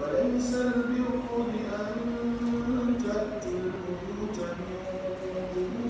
وليس البر بأن تأتي الموت من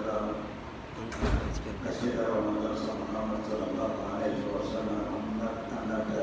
Allah, Allah, Allah, Allah, Allah, Allah, Allah, Allah, Allah, Allah, Allah, a na Allah,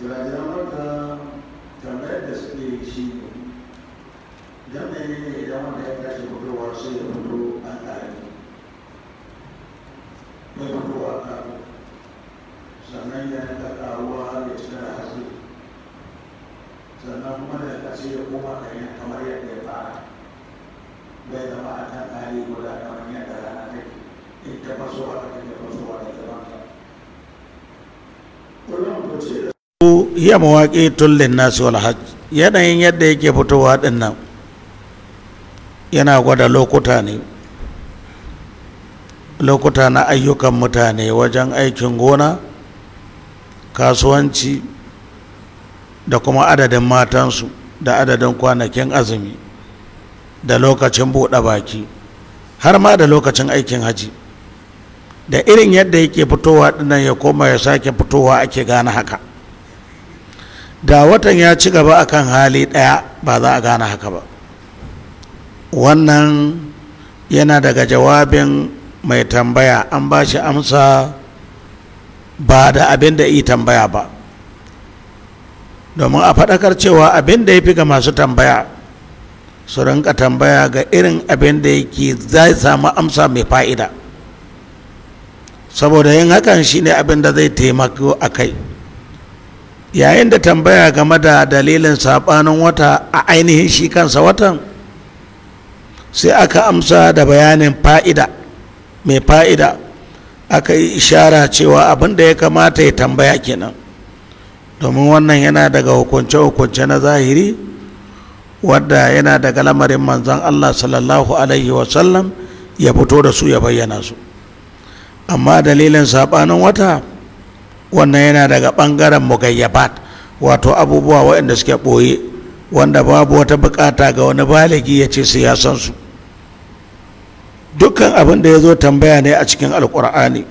jelajah mereka jangan destinasi jangan ini jangan mereka cuma keluar sih untuk antar memperkuatkan sana yang tak tahu hal lah, yang sudah hasil sana cuma yang kasih rumah kayaknya kemarin yang depan dari nama akan kali mula namanya adalah nanti ini kepasuhan ini kepasuhan ini kepasuhan ini kepasuhan ini kepasuhan ini kepasuhan ini hiya mawaƙi tullin nasu alhaj yanayin yadda yake fitowa ɗin nan yana gwada lokuta ne lokuta na ayyukan mutane wajen aikin gona kasuwanci da kuma adadin matansu da adadin kwanakin azumi da lokacin buɗe baki har ma da lokacin aikin haji da irin yadda yake fitowa nan ya koma ya sake fitowa ake gane haka da watan ya ci gaba a kan hali ɗaya ba za a gane haka ba wannan yana daga jawabin mai tambaya an ba shi amsa ba da abin da yi tambaya ba domin a faɗakar cewa abin da ya fi ga masu tambaya su rinka tambaya ga irin abin da yake zai samu amsa mai fa'ida saboda yin hakan shine abin da zai taimako a kai yayin da tambaya game da dalilin saɓanin wata a ainihin shi kansa watan sai aka amsa da bayanin fa'ida mai fa'ida aka yi ishara cewa abin da ya kamata ya tambaya kenan domin wannan yana daga hukunce-hukunce na zahiri wadda yana daga lamarin manzan Allah sallallahu alaihi wasallam ya fito da su ya bayyana su amma dalilin saɓanin wata wannan yana daga ɓangaren mugayyabat wato abubuwa waɗanda suke ɓoye wanda babu wata buƙata ga wani baligi ya ce su ya san su dukkan abin da ya zo tambaya ne a cikin alƙur'ani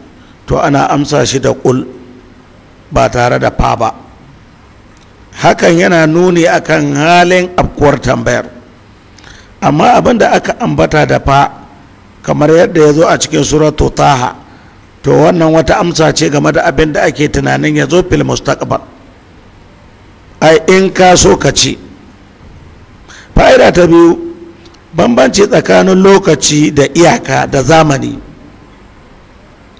to ana amsa shi da ƙul ba tare da fa ba hakan yana nuni akan halin afkuwar tambayar amma abin da aka ambata da fa kamar yadda ya zo a cikin suratu taha to wannan wata amsa ce game da abin da ake tunanin ya zo fil mustaqbal ai in ka so ka ci fa'ida ta biyu bambanci tsakanin lokaci da iyaka da zamani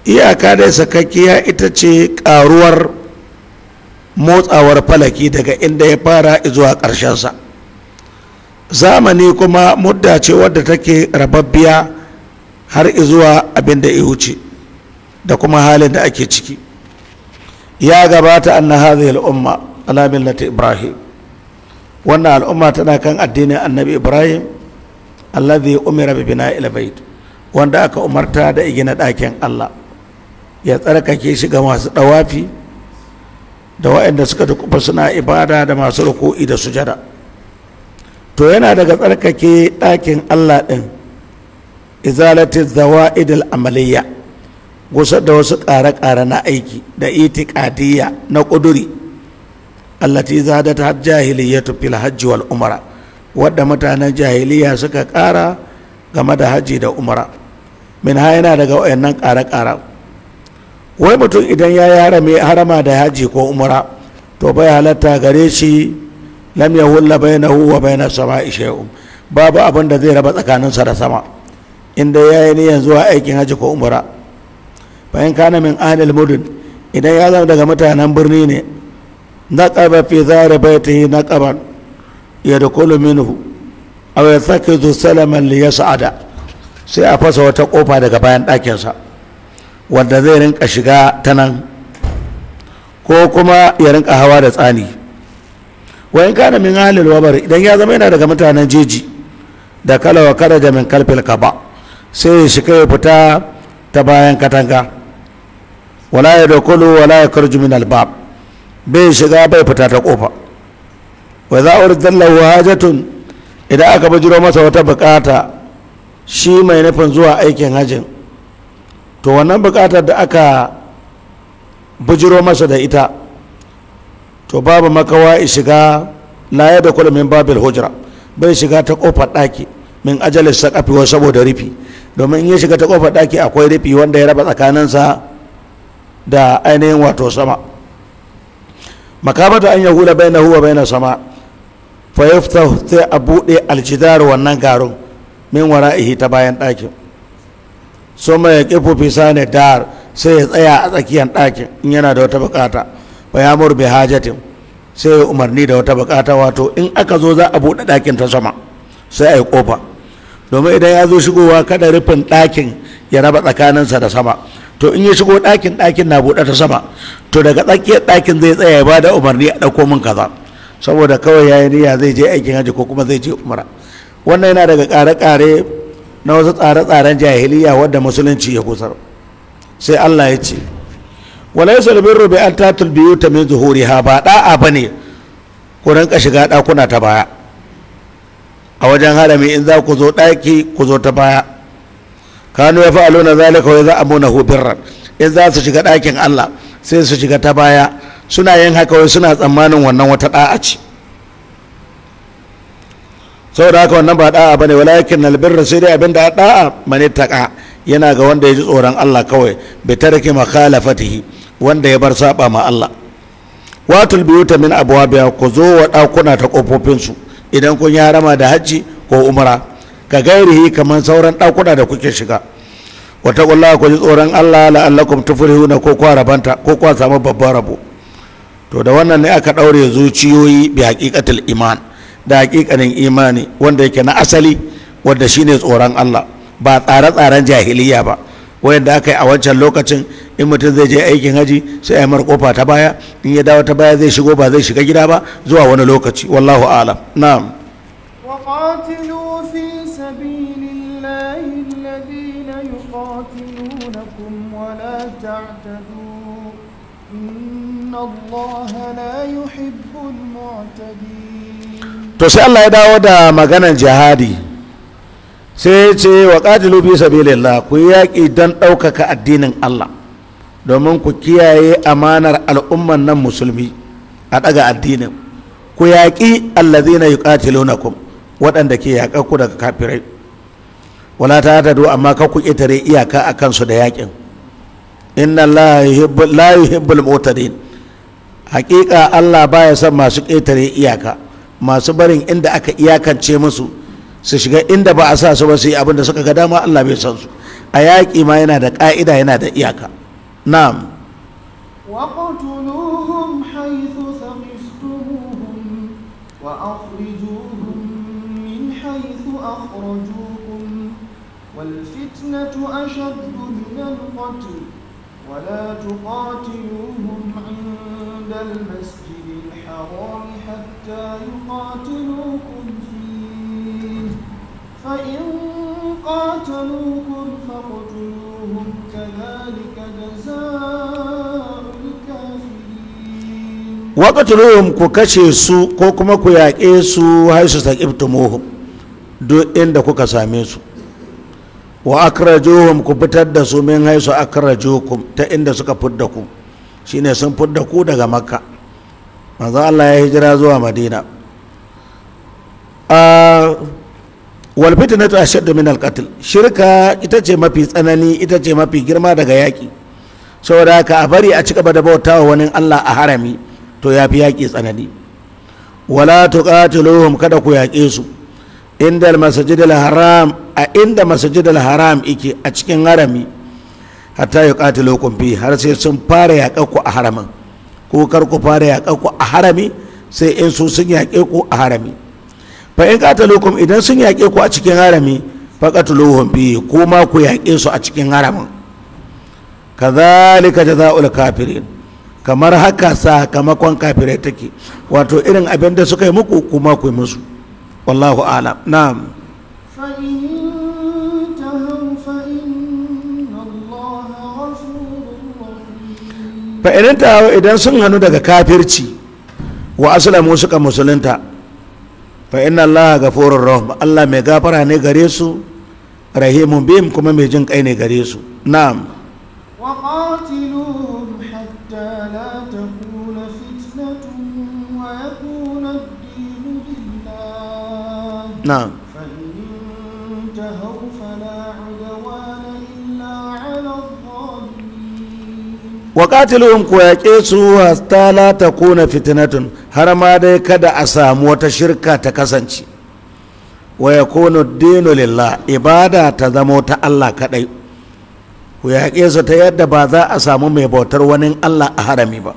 iyaka da sakakkiya ita ce karuwar motsawar falaki daga inda ya fara zuwa ƙarshensa zamani kuma mudda ce wadda take rababbiya har zuwa abin da ya wuce da kuma halin da ake ciki ya gabata anna hadhihi al-umma ala ibrahim wannan al'umma tana kan addinin annabi ibrahim allazi umira bi bina'il bait wanda aka umarta da igina ɗakin allah ya tsarkake shi ga masu ɗawafi da waɗanda suka dukuba suna ibada da masu ruku'i da sujada to yana daga tsarkake ɗakin allah ɗin izalati zawa'idil amaliya gusar da wasu ƙare-ƙare na aiki da itikadiyya na ƙuduri allati zadat har jahiliyatu fil hajji wal umara wadda mutanen jahiliya suka ƙara game da hajji da umara min ha yana daga wayannan ƙare-ƙare wai mutum idan ya yara mai harama da hajji ko umara to bai halatta gare shi lam yahulla bainahu wa bainas sama'i shay'un babu abin da zai raba tsakaninsa da sama inda yayi niyan zuwa aikin hajji ko umara bayan kana min ahlil mudun idan ya zama daga mutanen birni ne na ƙaba fi zari baitihi naqaban yadkhulu minhu aw yasakizu salaman liya sa'ada sai a fasa wata ƙofa daga bayan ɗakinsa wanda zai rinka shiga ta nan ko kuma ya rinka hawa da tsani wayan kana min ahlil wabar idan ya zama yana daga mutanen jeji da kalawa kada da min kalfil kaba sai ya shiga ya fita ta bayan katanga wala ya dakulu wala ya karju min albab bai shiga bai fita ta kofa wa za a lahu hajatun idan aka bajiro masa wata bukata shi mai nufin zuwa aikin hajjin to wannan bukatar da aka bujiro masa da ita to babu makawa shiga la ya dakulu min babil hujra bai shiga ta kofar ɗaki min ajalin sakafi saboda rufi domin in ya shiga ta kofar ɗaki akwai rufi wanda ya raba tsakaninsa da ainihin wato sama makamata an hula bai na huwa bai na sama fa sai a buɗe aljidar wannan garin min wara ihi ta bayan ɗakin soma mai kifu fisa ne dar sai ya tsaya a tsakiyar ɗakin in yana da wata bukata bayamur bai hajjatin hajatin sai ya umarni da wata bukata wato in aka zo za a buɗe ɗakin ta sama sai a yi ƙofa domin idan ya zo shigowa kada rufin ɗakin ya raba tsakaninsa da sama to in ya shigo ɗakin ɗakin na buɗe ta sama to daga tsakiyar ɗakin zai tsaya ya bada umarni a ɗauko min kaza saboda kawai yayi niyya zai je aikin hajji ko kuma zai je umara wannan yana daga ƙare-ƙare na wasu tsare-tsaren jahiliya wadda musulunci ya kusar sai Allah ya ce walaysa albirru bi an tatul biyuta min ha ba da'a bane ku rinka shiga ɗakuna ta baya a wajen harami in za ku zo ɗaki ku zo ta baya kanu ya fa'aluna zalika a yad'amunahu birran in za su shiga ɗakin Allah sai su shiga ta baya suna yin haka wai suna tsammanin wannan wata da'a ce saboda haka wannan ba da'a bane walakin albirra sai dai abinda da'a mani taƙa yana ga wanda ya ji tsoron Allah kawai bi tarki makhalafatihi wanda ya bar saba ma Allah watul biyuta min abwabiha ku zo wa ɗakuna ta kofofin su idan kun yi harama da hajji ko umra ka gairihi kamar sauran ɗakuna da kuke shiga wata ƙulla ku ji tsoron allah la'allakum na ko kwa rabanta ko kwa samu babban rabo to da wannan ne aka ɗaure zuciyoyi bi haƙiƙatul iman da haƙiƙanin imani wanda yake na asali wanda shine tsoron allah ba tsare-tsaren jahiliya ba wayanda aka yi a wancan lokacin in mutum zai je aikin haji sai ya kofa ta baya in ya dawo ta baya zai shigo ba zai shiga gida ba zuwa wani lokaci wallahu alam na'am to sai Allah ya dawo da maganar jihadi sai ce wa qatilu fi sabilillah ku yaki dan ɗaukaka addinin Allah domin ku kiyaye amanar al'umman nan musulmi a daga addinin ku yaki allazina yuqatilunakum waɗanda ke yaƙa ku daga kafirai wala ta do amma ka ku itare iyaka akan su da yaƙin inna la yuhibbul mu'tadin hakika Allah baya son masu ƙetare iyaka masu barin inda aka iyakance musu su shiga inda ba a sa su ba su yi abin da suka ga dama Allah bai san su a yaƙi ma yana da ƙa'ida yana da iyaka na'am والفتنة أشد من القتل ولا تقاتلوهم عند حول المسجد الحرام حتى يقاتلوكم فيه فإن قاتلوكم فاقتلوهم كذلك جزاء ku kashe su ko kuma ku yaƙe su har su saƙi tumohun duk inda kuka same su wa akarajohun ku fitar da su min haisu akarajohun ta inda suka fudda ku shine sun fidda ku daga makka manzo Allah ya hijira zuwa madina ah, wal fitnatu ashaddu min al qatl shirka ita ce mafi tsanani ita ce mafi girma daga yaki saboda haka a bari a ci gaba da wa wani Allah a harami to yafi yaki tsanani wala tuqatiluhum kada ku yaƙe su inda masajid haram a inda masajid haram ike a cikin harami hatta ya qatilukum fi har sai sun fara yaƙa ku a haramin ko kar ku fara yaƙa ku a harami sai in su sun yaƙe ku a harami fa in lokum idan sun yaƙe ku a cikin harami fa qatiluhum fi ko ma ku yaƙe su a cikin haramin kazalika jazaul kafirin kamar haka sakamakon kafirai take wato irin abin da suka yi muku kuma ku yi musu wallahu alam na'am fa'idan tawo idan sun hannu daga kafirci wa aslamu suka musulunta fa inna Allah ghafurur rahim Allah mai gafara ne gare su rahimun bihim kuma mai jin kai ne gare su na'am wa qatiluhum hatta la takuna fitnatun wa yakuna ad-din na'am wa qatiluhum ku yaƙe su hasta la kuna fitnatun har ma dai kada a samu wata shirka ta kasance wa yakunu dinu lillah ibada ta zama ta Allah kadai ku yaƙe su ta yadda ba za a samu mai bautar wani Allah a harami ba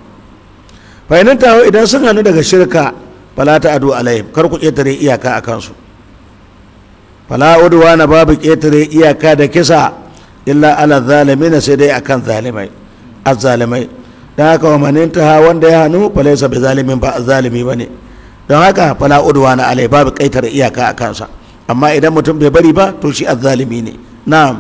fahimta idan sun hannu daga shirka fala ta adu alaihim kar ku ƙetare iyaka a kansu fala udwana babu ƙetare iyaka da kisa illa ala zalimin sai dai akan zalimai azzalimai don haka wa ta wanda ya hannu falaisa bai zalimin ba azzalimi ne don haka fala uduwa na alai babu kaitar iyaka a kansa amma idan mutum bai bari ba to shi azzalimi ne na'am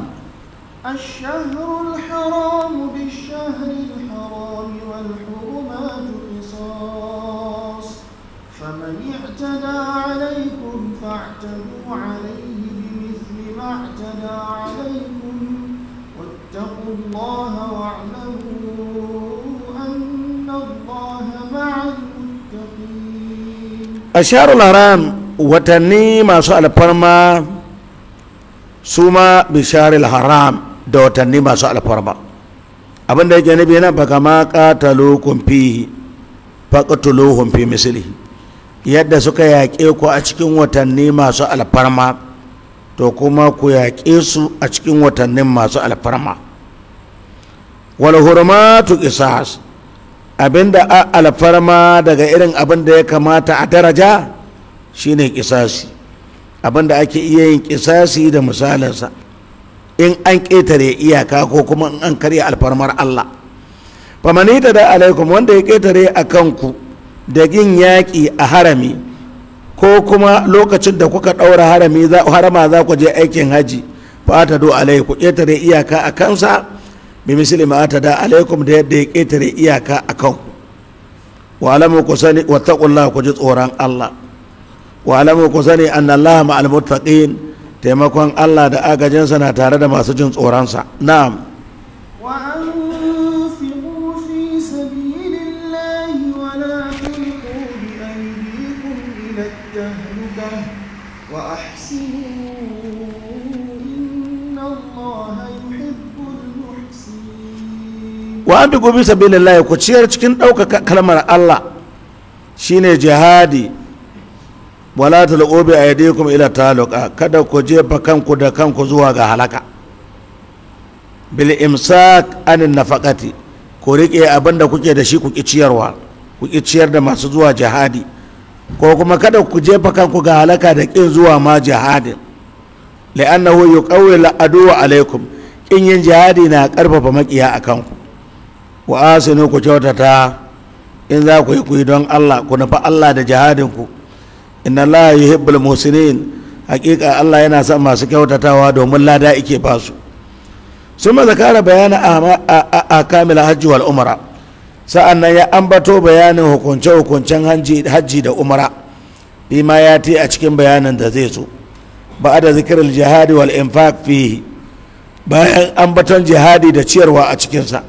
a shaharul haram watanni masu alfarma su ma bisharil haram da watanni masu alfarma abinda yake nabi yana baka ma qatalukum fihi faqtuluhum fi mislihi yadda suka yaƙe ku a cikin watanni masu alfarma to kuma ku yaƙe su a cikin watannin masu alfarma wal hurmatu qisas Abin da alfarma daga irin abin da ya kamata a daraja shine kisasi abin da ake iya yin kisasi da misalinsa in an ƙetare iyaka ko kuma in an karya alfarmar Allah famanita da alaikum wanda ya ƙetare a kanku da yin yaƙi a harami ko kuma lokacin da kuka ɗaura harami harama za ku je aikin haji fata do alaiku ƙetare iyaka a kansa bi misali ma da alaikum da yadda ya ƙetare iyaka a kan wa alamu ku sani wa taƙulla ku ji tsoron Allah wa alamu ku sani anna Allah ma'al muttaqin taimakon Allah da agajinsa na tare da masu jin tsoronsa na'am wa an gobi bi sabilillahi ku ciyar cikin ɗaukaka kalmar Allah shine jihadi wala talqu bi aydikum ila taluqa kada ku jefa kanku da kanku zuwa ga halaka bil imsak anin nafaqati ku rike abinda kuke da shi ku ki ciyarwa ku ki ciyar da masu zuwa jihadi ko kuma kada ku jefa kanku ga halaka da kin zuwa ma jihadi li'annahu yuqawwi al'adu alaikum in yin jihadi na karfafa makiya akan ku wa asinu ku kyautata in za ku yi ku yi don Allah ku nufa Allah da jihadin ku inna Allah hibbul muhsinin hakika Allah yana sa masu kyautatawa domin lada ike basu. su maza kara bayanin a kamila hajji wal umara sa'an nan ya ambato bayanin hukunce-hukuncen hajji da umara ma ya ti a cikin bayanin da zai so ba da zikirar jihadi wal infaq fi bayan ambaton jihadi da ciyarwa a cikinsa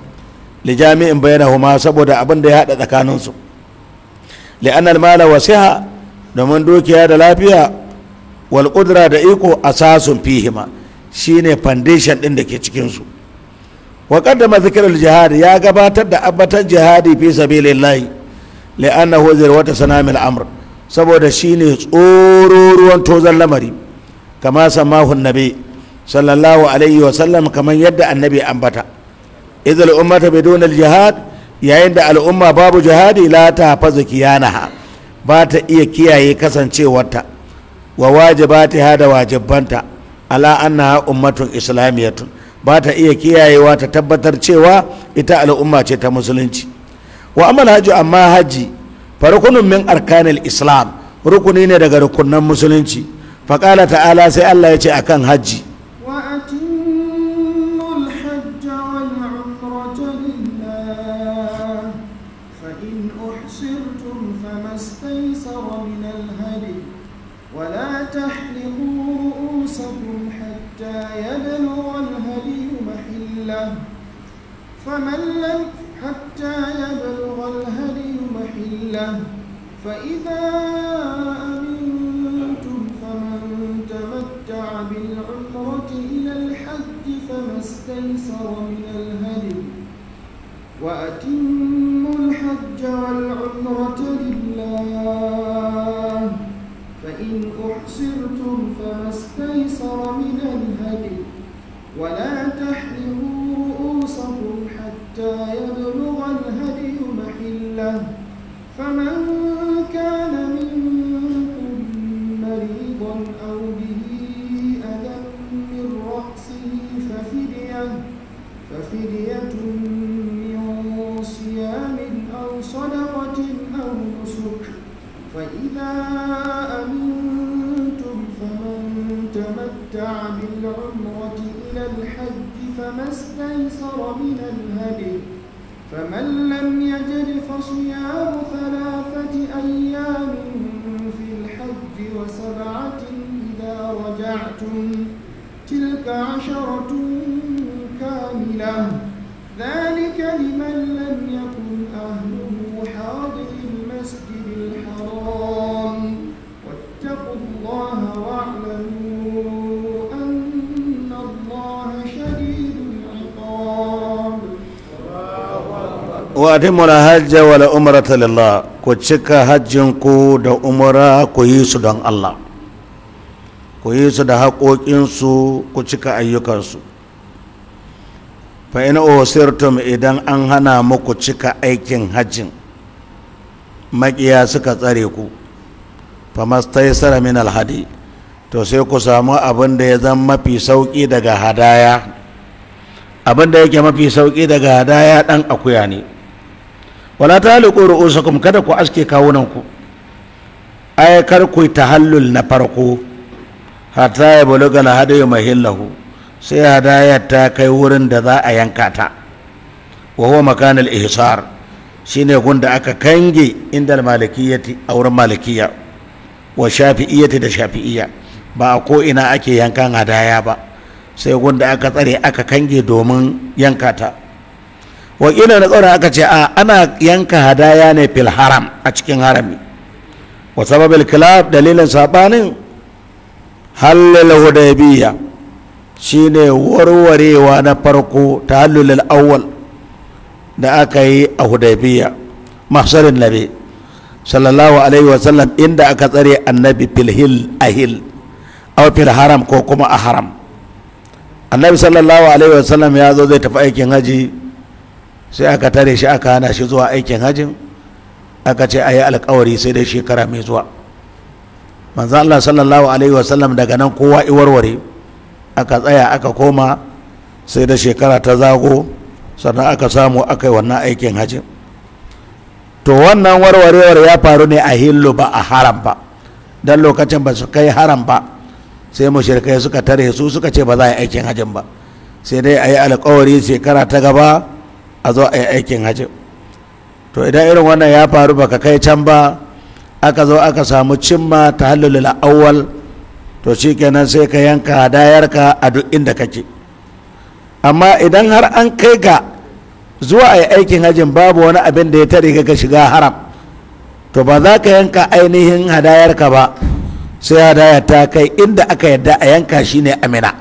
li jami'in bainahuma saboda abin da ya hada tsakanin su li anna mala wasiha domin dukiya da lafiya wal qudra da iko asasun fihima shine foundation din da ke cikin su wa qaddama dhikrul jihad ya gabatar da abbatan jihadi fi sabilillah li annahu zirwata sanamil amr saboda shine tsororuwan tozan lamari kama samahu nabi sallallahu alaihi wa sallam kamar yadda annabi ambata idza al'ummata bidun al-jihad yayin da al'umma babu jihadi la tahfazu kiyanaha ba ta iya kiyaye kasancewarta wa wajibatiha da wajibanta ala annaha ummatun islamiyatun ba ta iya kiyayewa ta tabbatar cewa ita al'umma ce ta musulunci wa amal hajji amma hajji farukunin min arkanil islam rukuni ne daga rukunan musulunci faƙala ta'ala sai allah ya ce akan hajji فإذا أمنتم فمن تمتع بالعمرة إلى الحج فما استيسر من الهدي وأتموا الحج والعمرة لله فإن أحصرتم فما استيسر من الهدي ولا ففدية من صيام أو صدقة أو نسك فإذا أمنتم فمن تمتع بالعمرة إلى الحج فما استيسر من الهدي فمن لم يجد فصيام ثلاثة أيام في الحج وسبعة إذا رجعتم تلك عشرة الله ذلك لمن لم يكن أهله حاضر المسجد الحرام واتقوا الله واعلموا أن الله شديد العقاب وأتموا الحج أمرة لله كتشك حجنكو دا عمرة كويس دان الله ku yi su da haƙoƙinsu ku cika ayyukansu fa in osirtum idan an hana muku cika aikin hajjin Maƙiya suka tsare ku fa mastaisara min alhadi to sai ku samu abin da ya zama mafi sauki daga hadaya abin da yake mafi sauki daga hadaya dan akuya ne wala taliqu ru'usakum kada ku aske kawunanku. ku kar ku tahallul na farko hatta ya buluga na mahillahu sai hadayar ta kai wurin da za a yanka ta wa huwa makanal ihsar shine gunda aka kange inda malikiyati a wurin malikiya wa shafi'iyyati da shafi'iyya ba a ko ina ake yankan hadaya ba sai gunda aka tsare aka kange domin yanka ta wa na tsara aka ce a ana yanka hadaya ne fil haram a cikin harami wa sababil kilab dalilin sabanin halal hudaybiya shine warwarewa na farko ta tahallulul awwal da aka yi a hudaybiya mahsarin nabi sallallahu alaihi wasallam inda aka tsare annabi fil hil ahil aw fil haram ko kuma a haram annabi sallallahu alaihi wasallam ya zo zai tafi aikin haji sai aka tare shi aka hana shi zuwa aikin hajin aka ce a yi alkawari sai dai shekara mai zuwa manzan allah sallallahu alaihi wasallam daga nan kowa iwarware aka tsaya aka koma sai da shekara ta zago sannan aka samu aka yi wannan aikin hajji to wannan warwarewar ya faru ne a hillu ba a haram ba don lokacin ba su kai haram ba sai mushrikai suka tare su suka ce ba za a yi aikin hajjin ba sai dai a yi alkawari shekara ta gaba a zo a yi aikin hajji to idan irin wannan ya faru ba ka kai can ba aka zo aka samu cimma ta hallulul awwal to kenan sai ka yanka hadayarka a duk inda kake amma idan har an kai ga zuwa a yi aikin hajjin babu wani abin da ya tare ka shiga haram to ba za ka yanka ainihin hadayarka ba sai hadayar ta kai inda aka yadda a yanka shi ne amina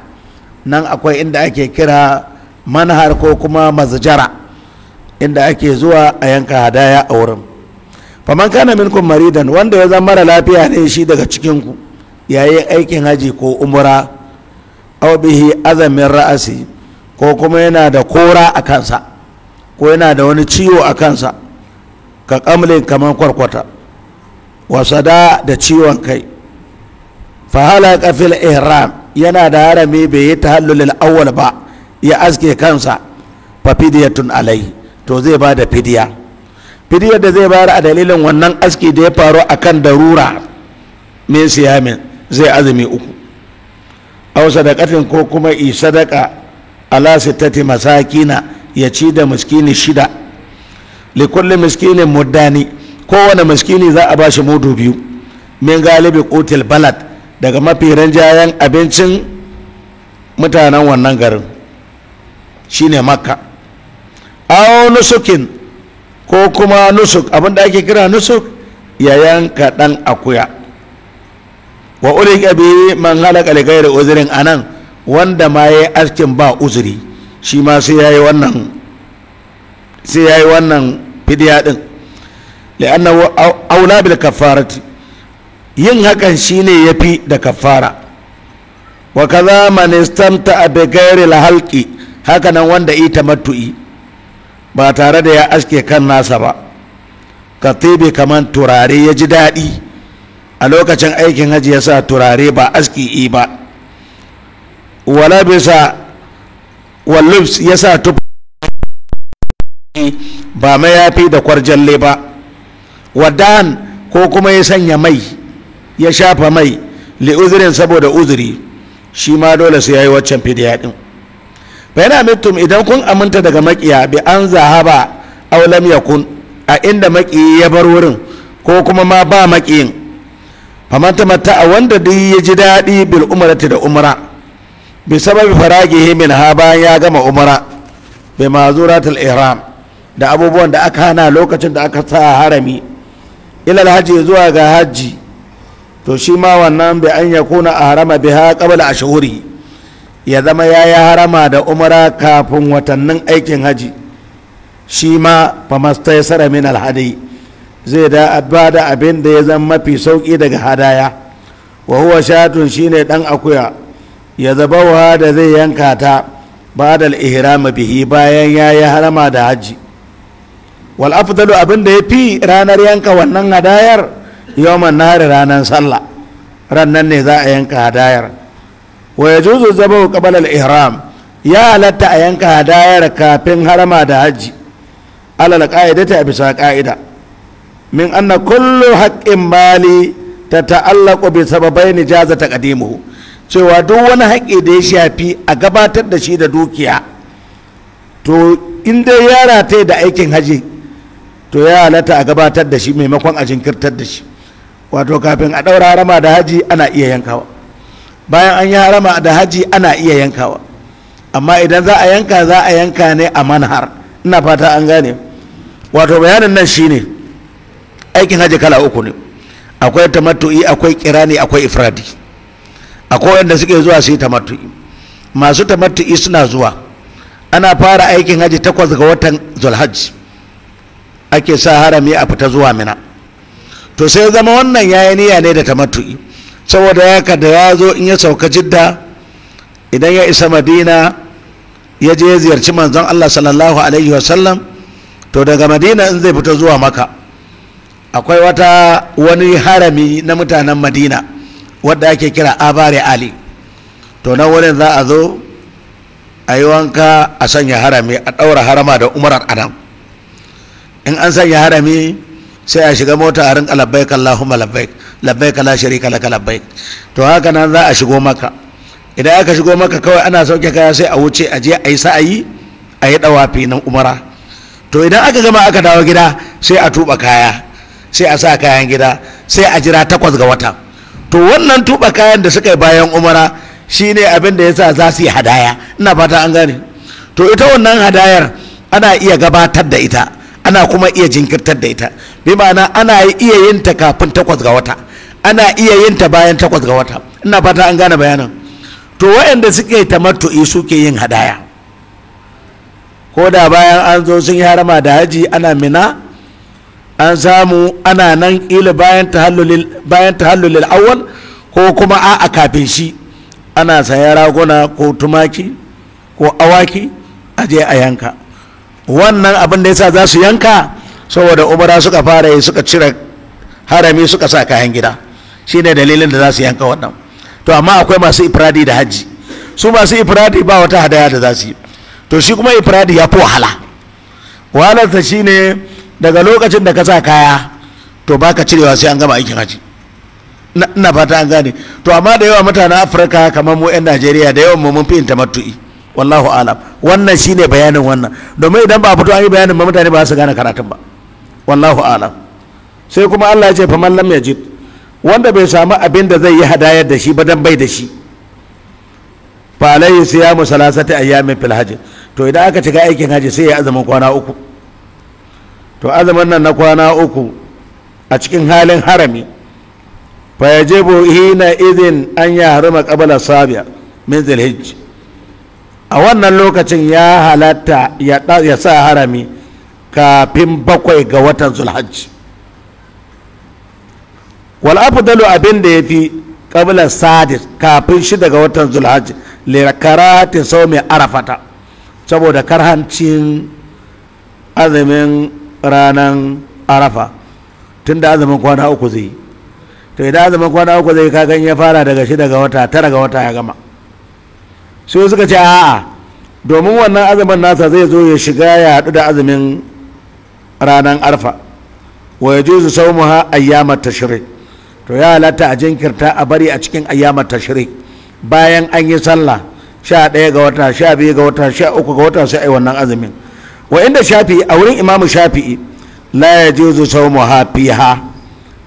nan akwai inda ake kira manhar ko kuma mazjara inda ake zuwa a yanka hadaya a wurin faman kana minkum maridan wanda ya zama mara lafiya ne shi daga cikinku yayin aikin haji ko umra aw bihi azamin ra'asi ko kuma yana da kora a kansa ko yana da wani ciwo a kansa ka kamlin kamar kwarkwata wasada da ciwon kai fahala fil ihram yana da harami bai yi tahallulil awwal ba ya aske kansa fa fidyatun alai to zai ba da fidiya fidiyar da zai bayar a dalilin wannan aski da ya faru akan darura min siyamin zai azumi uku aw sadaqatin ko kuma i sadaqa ala sittati masakina ya ci da miskini shida li kulli miskinin muddani kowane miskini za a bashi mudu biyu min galibi qutil balad daga mafi jayan abincin mutanen wannan garin shine makka aw nusukin ko kuma nusuk abin da ake kira nusuk yayan kaɗan akuya wa ulika bi man halaka li ghairi uzrin anan wanda ma yayi askin ba uzuri shi ma sai yayi wannan sai yayi wannan fidiya din li'annahu aula bil kafarati yin hakan shine yafi da kafara wa kaza man istamta bi ghairi al halqi haka nan wanda ita matu'i ba tare da ya aske kan nasa ba katibi kaman turare ya ji daɗi a lokacin aikin haji ya sa turare ba aski i ba wala bisa wallubs ya sa tufafi ba mayafi da kwarjalle ba wadan ko kuma ya sanya mai ya shafa mai li'uzirin saboda uzuri shi ma dole sai ya waccan fidiya din bayan mutum idan kun aminta daga makiya bi an zahaba aulam yakun a inda makiyi ya bar wurin ko kuma ma ba makiyin faman tamatta a wanda duk ya ji daɗi bil umarati da umara bi sababi faragihi min ha bayan ya gama umara bai mazuratul ihram da abubuwan da aka hana lokacin da aka sa harami ilal hajji zuwa ga hajji to shi ma wannan bi an yakuna a harama biha qabla ashhuri ya zama ya yi harama da umara kafin watannin aikin haji shi ma fa mastaysara min zai da ba da abin da ya zama mafi sauƙi daga hadaya wa huwa shatun shine dan akuya ya zabawa da zai yanka ta ba da bihi bayan ya yi harama da hajji wal afdalu abin da ya fi ranar yanka wannan hadayar yawman nahari ranar sallah rannan ne za a yanka hadayar wa ya juzu zaba qabala al ihram ya halatta a yanka hadayar kafin harama da hajji alal qa'idati a bisa ƙa'ida. min anna كل haƙƙin mali ta ta'allaku جازة sababai ni دون ta ƙadimuhu cewa duk wani haƙƙi da ya shafi a gabatar da shi da dukiya to in dai ya rataye da aikin to ya halatta a gabatar da shi maimakon a jinkirtar da shi wato kafin a ɗaura harama da haji ana iya yankawa bayan an yi harama da haji ana iya yankawa amma idan za a yanka za a yanka ne a manhar ina fata an gane wato bayanin nan shine ne aikin hajji kala uku ne akwai tamattu'i akwai kirani akwai ifradi akwai wanda suke zuwa su yi tamattu'i masu tamattu'i suna zuwa ana fara aikin hajji takwas ga watan zulhajj ake sa harami a fita zuwa mina to sai zama wannan yayi niyya ne da tamattu'i saboda ya ka da ya zo in ya sauka jidda idan ya isa madina ya je ziyarci manzon Allah sallallahu alaihi wasallam to daga madina in zai fita zuwa maka akwai wata wani harami na mutanen madina wadda ake kira abare ali to nan wurin za a zo a yi wanka a sanya harami a ɗaura harama da umarar adam in an sanya harami sai a shiga mota a rinka labbaik labbai labbai kala la kala laka labbai to haka nan za a shigo maka idan aka shigo maka kawai ana sauke kaya sai a wuce a je a yi sa'ayi a yi dawafi na umara to idan aka gama aka dawo gida sai a tuba kaya sai a sa kayan gida sai a jira takwas ga wata to wannan tuba kayan da suka yi bayan umara shine abin da yasa za su yi hadaya ina fata an gane to ita wannan hadayar ana iya gabatar da ita ana kuma iya jinkirtar da ita bi ma'ana ana iya yin ta kafin takwas ga wata ana iya yin ta bayan takwas ga wata ina fata an gane bayanan to waɗanda suke tamattu'i suke yin hadaya ko da bayan an zo sun yi harama da haji ana mina an samu ana nan ƙila bayan tahallulil awwal ko kuma a kafin shi ana saya raguna ko tumaki ko awaki a je a yanka wannan abin da ya sa za su yanka saboda umara suka fara yi suka cire harami suka sa kayan gida shi ne dalilin da za su yanka wannan to amma akwai masu ifradi da hajji su masu ifradi ba wata hadaya da za su yi to shi kuma ifradi ya fi wahala wahalarsa shi ne daga lokacin da ka sa kaya to ba ka cirewa sai an gama aikin haji ina fata an gane to amma da yawa mutanen afirka kamar mu 'yan najeriya da yawan mu mun fi yin tamattu'i wallahu alam wannan shine bayanin wannan domin idan ba fito an yi bayanin ba mutane ba su gane karatun ba wallahu alam sai kuma allah ya ce faman lam yajid wanda bai samu abin da zai yi hadayar da shi ba dan bai da shi fa alayhi siyamu salasati ayyamin fil haji to idan aka shiga aikin haji sai ya azumin kwana uku to azumin nan na kwana uku a cikin halin harami fa yajibu hina idin an ya harama qabla sabia min zulhijj a wannan lokacin ya halatta ya sa harami kafin bakwai ga watan hajj wal afdalu abin da yafi qabla sadis kafin shida ga watan hajj li rakaratin sawmi arafata saboda karhancin azumin ranar arafa tun da azumin kwana uku zai to idan azumin kwana uku zai kagan ya fara daga shida ga wata tara ga wata ya gama su suka ce a'a domin wannan azumin nasa zai zo ya shiga ya haɗu da azumin ranar arfa wa ya juzu muha ayyamar tashirai to ya halatta a jinkirta a bari a cikin ayyamar tashirai bayan an yi sallah sha ɗaya ga wata sha biyu ga wata sha uku ga wata sai a yi wannan azumin wa inda shafi'i a wurin imamu shafi'i la ya mu hafi hafiha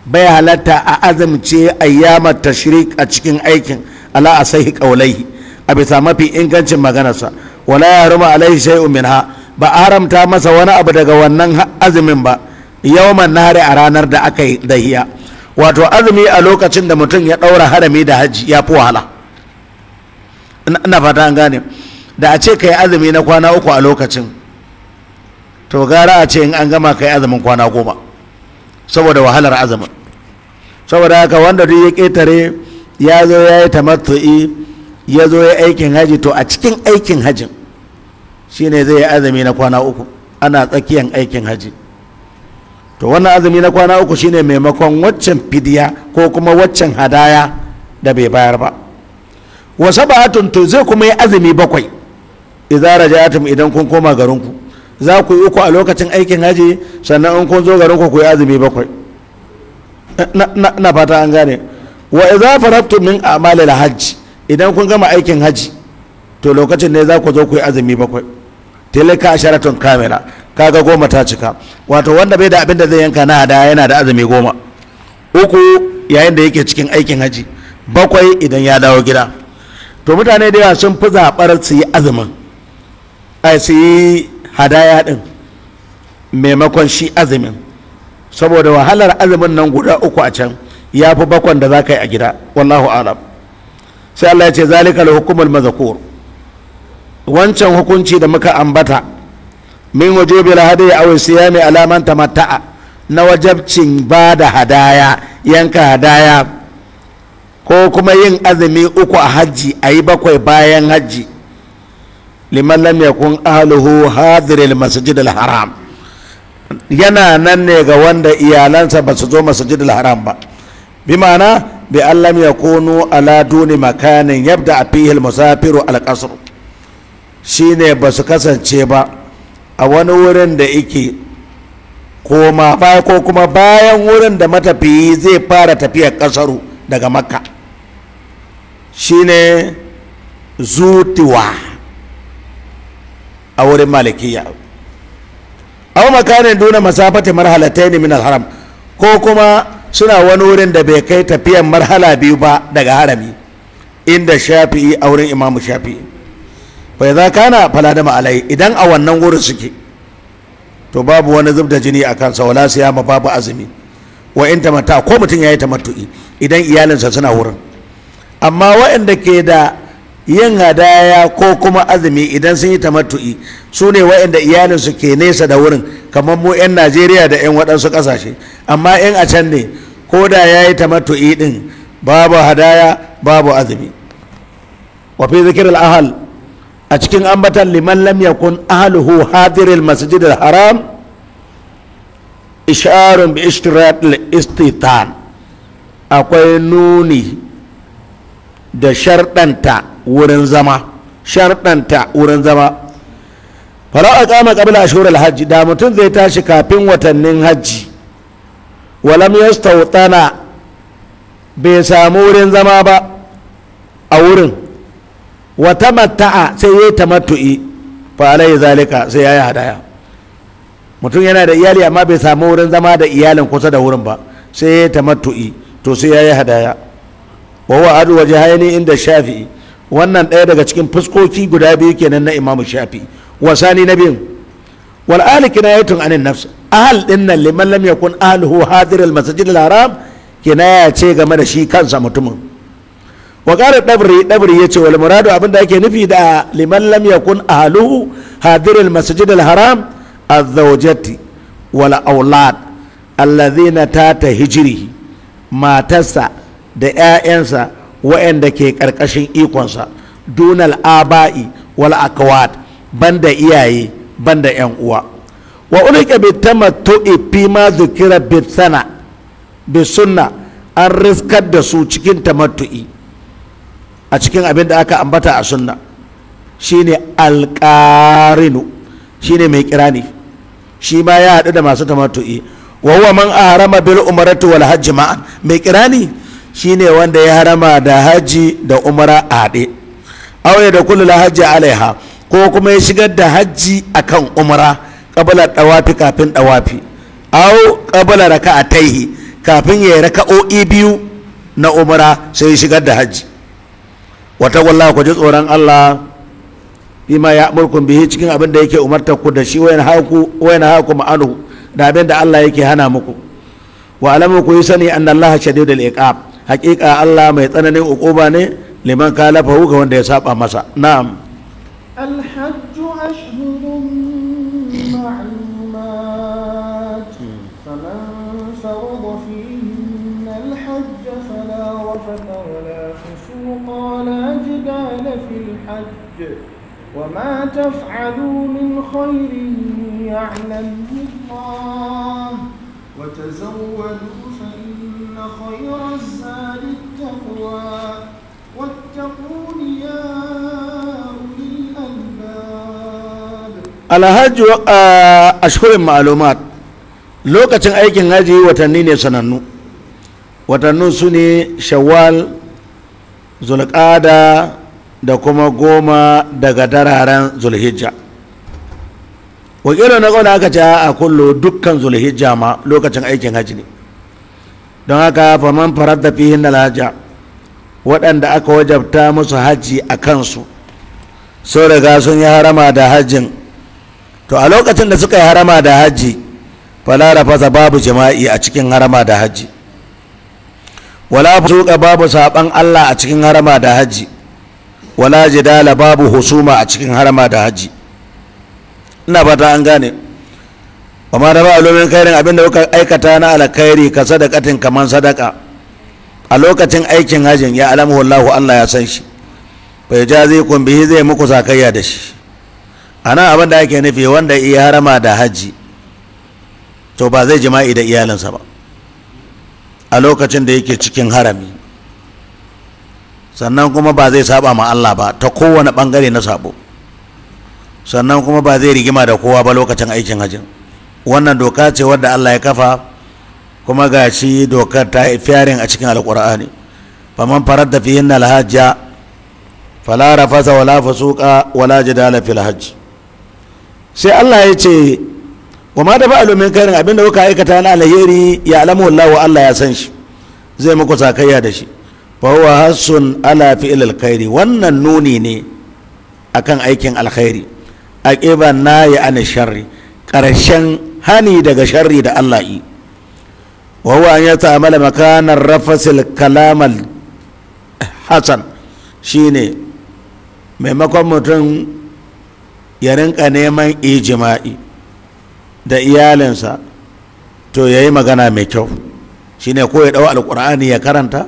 bai halatta a azumce ayyamar tashrik a cikin aikin ala asahi kaulai a bisa mafi ingancin maganarsa wala ruma alaihi shay'un minha ba haramta masa wani abu daga wannan azumin ba yawman hari a ranar da aka yi dahiya wato azumi a lokacin da mutum ya ɗaura harami da haji ya fi wahala ina fata gane da a ce ka yi azumi na kwana uku a lokacin to gara a ce in an gama kai azumin kwana goma saboda wahalar azumin saboda haka wanda duk ya ƙetare ya zo ya yi tamattu'i ya zo ya aikin haji to a cikin aikin hajin shine zai yi azumi na kwana uku ana tsakiyan aikin haji to wannan azumi na kwana uku shine maimakon waccan fidiya ko kuma waccan hadaya da bai bayar ba ba sab'atun to zai kuma yi azumi bakwai idan kun koma garinku za ku yi uku a lokacin aikin haji sannan in kun zo garin ku ku yi azumi bakwai na fata an gane wa idza farabtum min a'malil hajj idan kun gama aikin haji to lokacin ne za ku zo ku yi azumi bakwai tilka asharatun ka kaga goma ta cika wato wanda bai da abin da zai yanka na hada yana da azumi goma uku yayin da yake cikin aikin haji bakwai idan ya dawo gida to mutane da yawa sun fi zaɓar su yi azumin a su yi hadaya ɗin maimakon shi azumin saboda wahalar azumin nan guda uku a can ya fi bakon da za ka yi a gida wallahu alam sai Allah ya ce zalika la hukumul mazakur wancan hukunci da muka ambata min wajibi la hadiya aw siyami alaman tamatta'a na wajabcin ba da hadaya yanka hadaya ko kuma yin azumi uku a hajji a yi bakwai bayan hajji liman lam yakun ahluhu hadiril masjidil haram yana nan ne ga wanda iyalansa ba su zo masjidil haram ba bi ma'ana bi lam yakunu ala duni makanin yabda fihi almusafiru alqasr shine ba su kasance ba a wani wurin da yake koma baya ko kuma bayan wurin da matafiyi zai fara tafiyar kasaru daga makka shine zutuwa. a wurin malikiya aw makanin duna masafati marhalataini min haram ko kuma suna wani wurin da bai kai tafiyan marhala biyu ba daga harami inda shafi'i a wurin imamu shafi'i fa idza kana fala alai idan a wannan wurin suke to babu wani zubda jini a kansa wala ma babu azumi wa in tamata ko mutum yayi tamattu'i idan iyalinsa suna wurin amma waɗanda ke da yin hadaya ko kuma azumi idan sun yi tamattu'i su ne waɗanda iyalinsu ke nesa da wurin kamar mu 'yan najeriya da 'yan waɗansu ƙasashe amma 'yan a can ne ko da ya yi tamattu'i ɗin babu hadaya babu azumi wa zikir ahal a cikin ambatan liman lam yakun ahluhu hadiril masjid haram isharun bi istirat al akwai nuni da sharɗanta wurin zama sharɗanta wurin zama fara a kama kabila ashirar hajji da mutum zai tashi kafin watannin hajji walam yastautana bai samu wurin zama ba a wurin wata mata'a sai ya yi tamattu'i fa alayhi zalika sai ya yi hadaya mutum yana da iyali amma bai samu wurin zama da iyalin kusa da wurin ba sai ya yi tamattu'i to sai ya yi hadaya wa huwa adu wajhaini inda shafi'i wannan ɗaya daga cikin fuskoki guda biyu kenan na imamu shafi wasani na biyu wal ahli kinayatun anin nafs ahal din liman lam yakun ahluhu hadir al masjid al haram kinaya ce game da shi kansa mutumin wa ƙara ɗabri ɗabri ya ce wal muradu abinda ake nufi da liman lam yakun ahluhu hadirul masjid al haram azaujati wal aulad alladhina tata hijri matarsa da 'ya'yansa wa'anda ke ƙarƙashin ikonsa dunal aba'i wal akwat banda iyaye banda 'yan uwa wa ulika bi tamattu'i fi ma zikira bi sana bi sunna an riskar da su cikin tamattu'i a cikin abin da aka ambata a sunna shine alqarinu shine mai kirani shi ma ya haɗu da masu tamattu'i wa huwa man arama bil umratu wal hajj ma'an mai kirani shine wanda ya harama da haji da umara a haɗe Aure da kullu hajji alaiha ko kuma ya shigar da hajji akan umara qabla dawafi kafin dawafi au raka'a taihi kafin ya raka'o'i biyu na umara sai ya shigar da haji wata wallahi ku ji tsoron Allah bima ya amurkum bihi cikin abin da yake umartar ku da shi wayan haku wayan da abin da Allah yake hana muku wa alamu ku yi sani anna Allah shadidul iqab hakika Allah mai tsananin hukuma ne liman kalafahu ga wanda ya saba masa na'am الحج أشهر معلومات فمن فرض فيهن الحج فلا رفث ولا فسوق ولا جدال في الحج وما تفعلوا من خير يعلمه الله وتزودوا خير الزاد التقوى واتقون يا أولي الألباب أشهر lokacin aikin haji watanni ne sanannu watannin su ne shawwal zulqada da kuma goma daga dararen zulhijja wakilu na aka ce a kullu dukkan zulhijja ma lokacin aikin haji ne don haka faman da fihin alhaja waɗanda aka wajabta musu hajji a kansu sun riga sun yi harama da hajjin to a lokacin da suka yi harama da hajji falara fasa babu jima'i a cikin harama da hajji wala fusuka babu saɓan Allah a cikin harama da hajji wala jidala babu husuma a cikin harama da hajji ina fata an gane wa ma da ba a lomin kairin abinda kuka aikata na alkhairi ka sadakatin kaman sadaka a lokacin aikin hajjin ya alamu wallahu Allah ya san shi zai kun bihi zai muku sakayya da shi ana abin da ake nufi wanda iya harama da hajji to ba zai jima'i da iyalinsa ba a lokacin da yake cikin harami sannan kuma ba zai saba ma Allah ba ta kowane bangare na sabo sannan kuma ba zai rigima da kowa ba lokacin aikin hajjin wannan doka ce wadda Allah ya kafa kuma ga shi dokar ta fiyarin a cikin alƙur'ani faman farar da fiyin alhajja fala rafasa wala fasuka wala jidala fil hajj sai Allah ya ce wa ma da ba'alu min kairin abinda kuka aikata na alheri ya alamu Allah Allah ya san shi zai muku sakayya da shi fa huwa hasun ala fi'il alkhairi wannan nuni ne akan aikin alkhairi aqiban na ya an sharri karshen hani daga sharri da Allah yi wa ya an yata'amala makanar rafasil kalamal hasan shine maimakon mutum ya rinka neman ijima'i da iyalinsa to ya yi magana mai kyau shine ko ya ɗau alƙur'ani ya karanta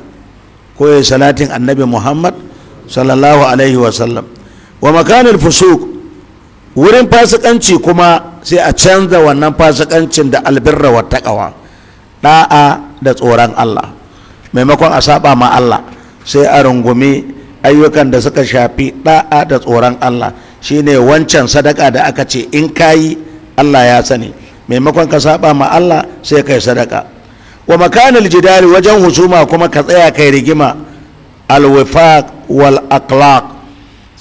ko ya salatin annabi muhammad sallallahu alaihi wasallam wa makanar fusuk wurin fasikanci kuma sai a canza wannan fasikancin da albirra wa takawa. da'a da tsoron Allah maimakon a saba ma Allah sai a rungumi ayyukan da suka shafi da'a da tsoron Allah shine wancan sadaka da aka ce in kayi Allah ya sani maimakon ka saba ma Allah sai kai sadaka wa makanil Jidari wajen husuma kuma ka tsaya kai rigima alwifaq wal aqlaq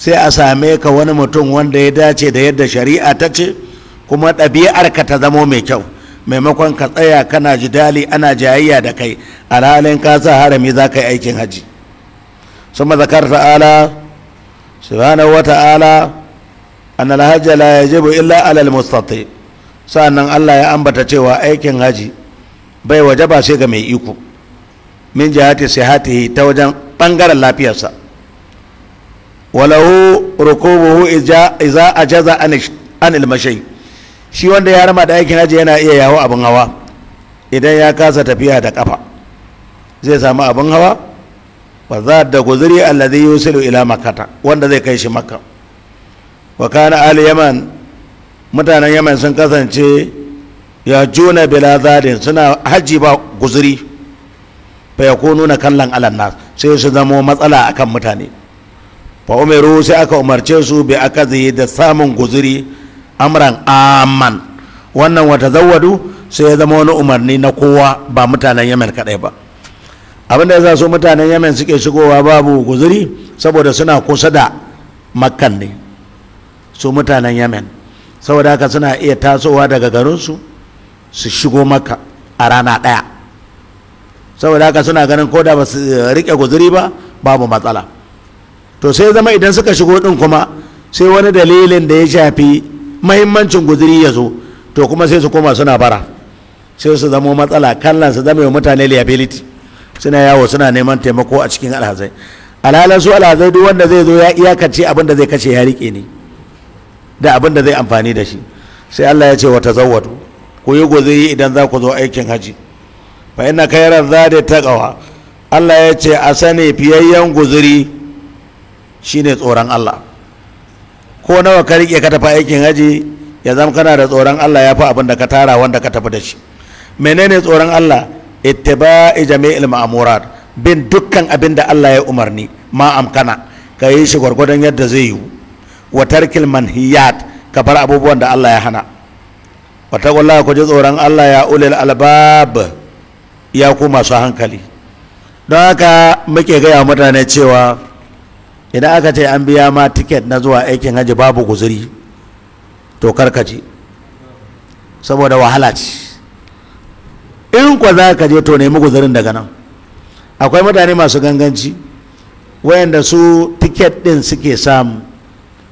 sai a same ka wani mutum wanda ya dace da yadda shari'a ta ce kuma ɗabi'ar ka ta zamo mai kyau maimakon ka tsaya kana jidali ana jayayya da kai alhalin ka sa harami za ka yi aikin haji sama zakar ta'ala subhanahu wa ta'ala an alhaji la yajibu illa alal mustati sannan Allah ya ambata cewa aikin haji bai wajaba sai ga mai iko min jihati sihatihi ta wajen bangaren lafiyarsa sa walahu rukubuhu iza ajaza an ilmashai shi wanda ya rama da aikin haji yana iya yawo abin hawa idan ya kasa tafiya da kafa zai samu abin hawa wa za da guzuri alladhi yusilu ila makata wanda zai kai shi makka wa kana ali yaman mutanen yaman sun kasance ya juna bila zadin suna hajji ba guzuri fa yakunu na kallan alannas sai su zamo matsala akan mutane fa umiru sai aka umarce su bi zai da samun guzuri amran aman wannan wata zawadu sai ya zama wani umarni na kowa ba mutanen yemen kadai ba abinda da ya so mutanen yemen suke shigowa babu guzuri saboda suna kusa da makkan ne su mutanen yemen saboda haka suna iya tasowa daga garinsu su shigo maka a rana ɗaya saboda haka suna ganin ko da ba su eh, riƙe guzuri ba babu matsala to sai zama idan suka shigo din kuma sai wani dalilin da ya shafi mahimmancin guziri ya zo to kuma sai su koma suna bara sai su zama matsala kallon su zama mutane liability suna yawo suna neman taimako a cikin alhazai alhalan su alhazai duk wanda zai zo ya iyakace abin da zai kashe ya rike ne da abin da zai amfani da shi sai Allah ya ce wa tazawwadu ku yi guziri idan za ku zo aikin haji fa inna kayran zade taqwa Allah ya ce a sani fiyayyen guziri shine tsoron Allah ko nawa ka rike ka tafi aikin haji ya zama kana da tsoron Allah ya fi abin da ka tara wanda ka tafi da shi menene tsoron Allah ittiba'i jami'il ma'murat bin dukkan abin da Allah ya umarni ma amkana ka yi shi gwargwadon yadda zai yi wa tarkil manhiyat ka bar abubuwan da Allah ya hana wa taqullaha ku ji tsoron Allah ya ulil albab ya ku masu hankali don haka muke gaya mutane cewa idan aka ce an biya ma tiket na zuwa aikin hajji babu guzuri to karkace saboda wahala ce in kwa za ka je to nemi guzurin daga nan akwai mutane masu ganganci wayanda su tiket din suke samu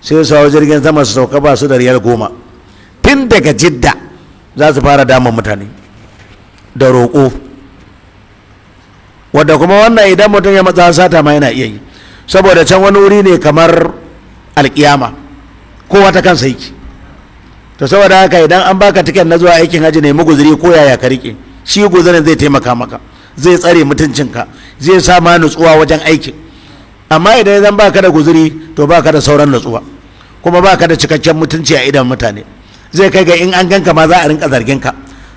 sai su hau jirgin sama su sauka ba su da riyal goma tun daga jidda za su fara damar mutane da roƙo wadda kuma wannan idan mutum ya matsa sata ma yana iya yi saboda can wani wuri ne kamar alkiyama ko wata kansa yake to saboda haka idan an baka tiket na zuwa aikin haji ne guzuri ko yaya ka rike shi guzurin zai taimaka maka zai tsare mutuncinka zai sa ma nutsuwa wajen aikin amma idan zan baka da guzuri to baka da sauran nutsuwa kuma baka da cikakken mutunci a idan mutane zai kai ga in an ganka ma za a rinka zargin ka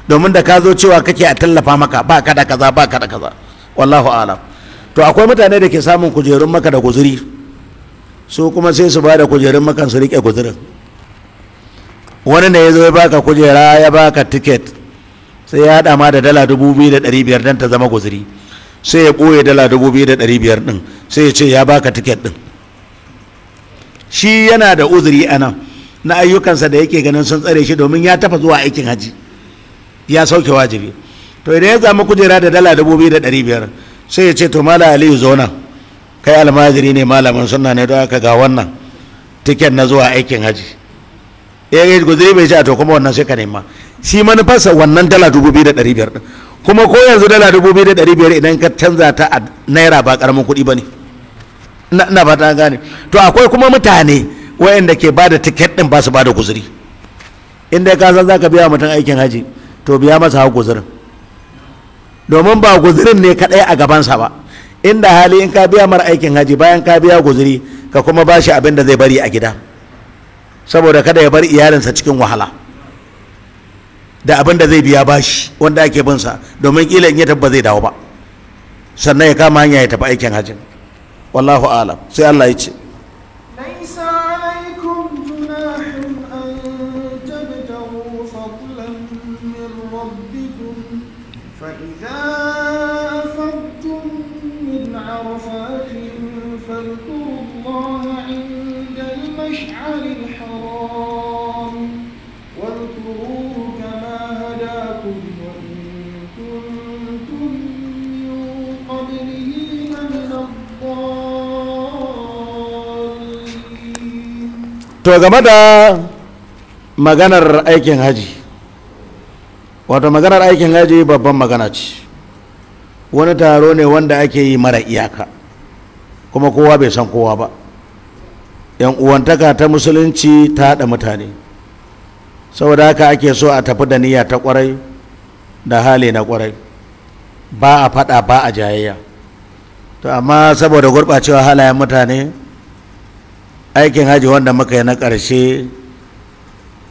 domin da ka zo cewa kake a tallafa maka ba ka da kaza ba ka da kaza wallahu a'lam to akwai mutane da ke samun kujerun maka da guzuri su kuma sai su ba da kujerun makan su rike guzurin wani ne ya zo ya baka kujera ya baka tiket sai ya haɗa ma da dala dubu biyu da ɗari biyar don ta zama guzuri sai ya ɓoye dala dubu biyu da ɗari biyar ɗin sai ya ce ya baka tiket ɗin shi yana da uzuri a nan na ayyukansa da yake ganin sun tsare shi domin ya tafa zuwa aikin haji ya sauke wajibi to idan ya zama kujera da dala dubu biyu da ɗari biyar sai ya ce to mala aliyu zo nan kai almajiri ne malamin sunna ne don aka ga wannan tiket na zuwa aikin haji ya yi guzuri bai ce a to kuma wannan sai ka nema shi manufarsa wannan dala dubu biyu da ɗari biyar kuma ko yanzu dala dubu biyu da ɗari biyar idan ka canza ta a naira ba ƙaramin kuɗi ba ne na ba ta gane to akwai kuma mutane wayanda ke ba da tiket ɗin ba su ba da guzuri inda ka san za ka biya mutum aikin haji to biya masa hau guzurin domin ba guzurin ne kaɗai a gabansa ba inda hali in ka biya mara aikin haji bayan ka biya guzuri ka kuma ba shi abin da zai bari a gida saboda kada ya bar iyalinsa cikin wahala da abin da zai biya bashi wanda ake bin sa domin kila in ya tabba zai dawo ba sannan ya kama hanya ya tafi aikin hajji wallahu alam sai Allah ya ce to game da maganar aikin haji wato maganar aikin haji babban magana ce wani taro ne wanda ake yi mara iyaka kuma kowa bai san kowa ba yan uwantaka ta musulunci ta haɗa mutane saboda haka ake so a tafi da niyya ta kwarai da hali na kwarai ba a faɗa ba a jayayya to amma saboda gurɓacewa halayen mutane aikin haji wanda muka yi na ƙarshe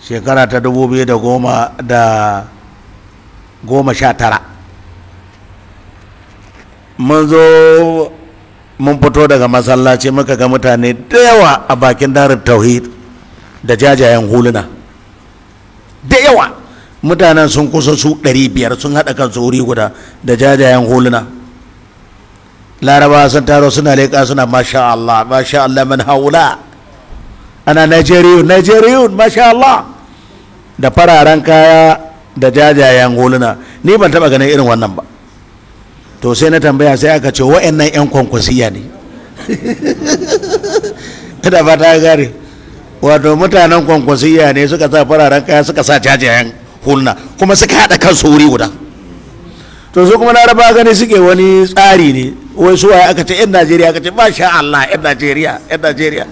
shekara ta dubu biyu da goma da goma sha tara mun zo mun fito daga masallaci muka ga mutane da yawa a bakin darar tauhid da jajayen huluna da yawa mutanen sun kusa su ɗari biyar sun haɗa kansu wuri guda da jajayen huluna laraba sun taro suna leƙa suna masha Allah masha man haula ana nigeriyun nigeriyun masha Allah da fararen kaya da jajayen goluna ni ban taba ganin irin wannan ba to sai na tambaya sai aka ce wa'annan 'yan kwankwasiya ne da ba ta gare wato mutanen kwankwasiya ne suka sa fararen kaya suka sa jajayen hulna kuma suka haɗa kan wuri guda to su kuma laraba gani suke wani tsari ne wai su aka ce 'yan najeriya aka ce masha Allah 'yan najeriya 'yan najeriya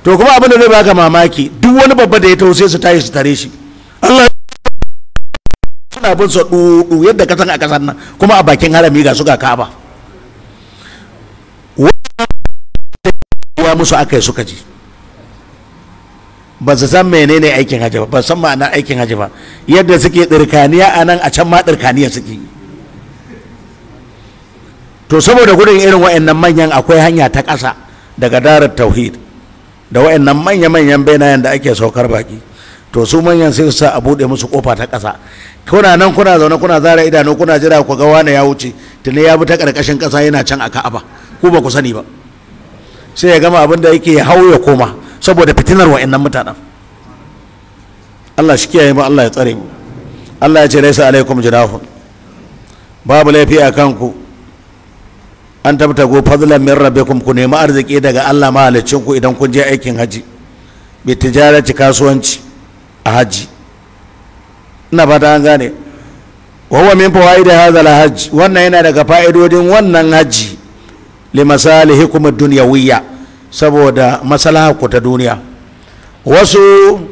to kuma abin da zai baka mamaki duk wani babba da ya taho sai su tashi su tare shi Allah suna bin su dudu yadda ka san a kasar nan kuma a bakin harami ga su ga Ka'aba wa musu akai suka ji ba su san menene aikin haji ba ba san ana aikin hajji ba yadda suke tsirkaniya a nan a can ma tsirkaniya suke to saboda gudun irin wa'annan manyan akwai hanya ta ƙasa daga darar tauhid da wayannan manya-manyan benayen da ake saukar baki to su manyan sai sa a buɗe musu kofa ta ƙasa kuna nan kuna zaune kuna zara idanu kuna jira ku ga wani ya wuce tuni ya bi ta ƙarƙashin ƙasa yana can a ka'aba ku ba ku sani ba sai ya gama abin da yake ya hau ya koma saboda fitinar wa'annan mutanen Allah shi kiyaye mu Allah ya tsare mu Allah ya ce laisa alaikum jinahun babu laifi a kanku an tabtago fadlan min rabbikum ku nemi arziki daga Allah mahalicin ku idan kun je aikin haji bi tijarati kasuwanci a haji ina fata an gane wa min fawaidi hadha al-hajj wannan yana daga fa'idodin wannan haji li masalihikum ad-dunyawiyya saboda maslaha ku ta duniya wasu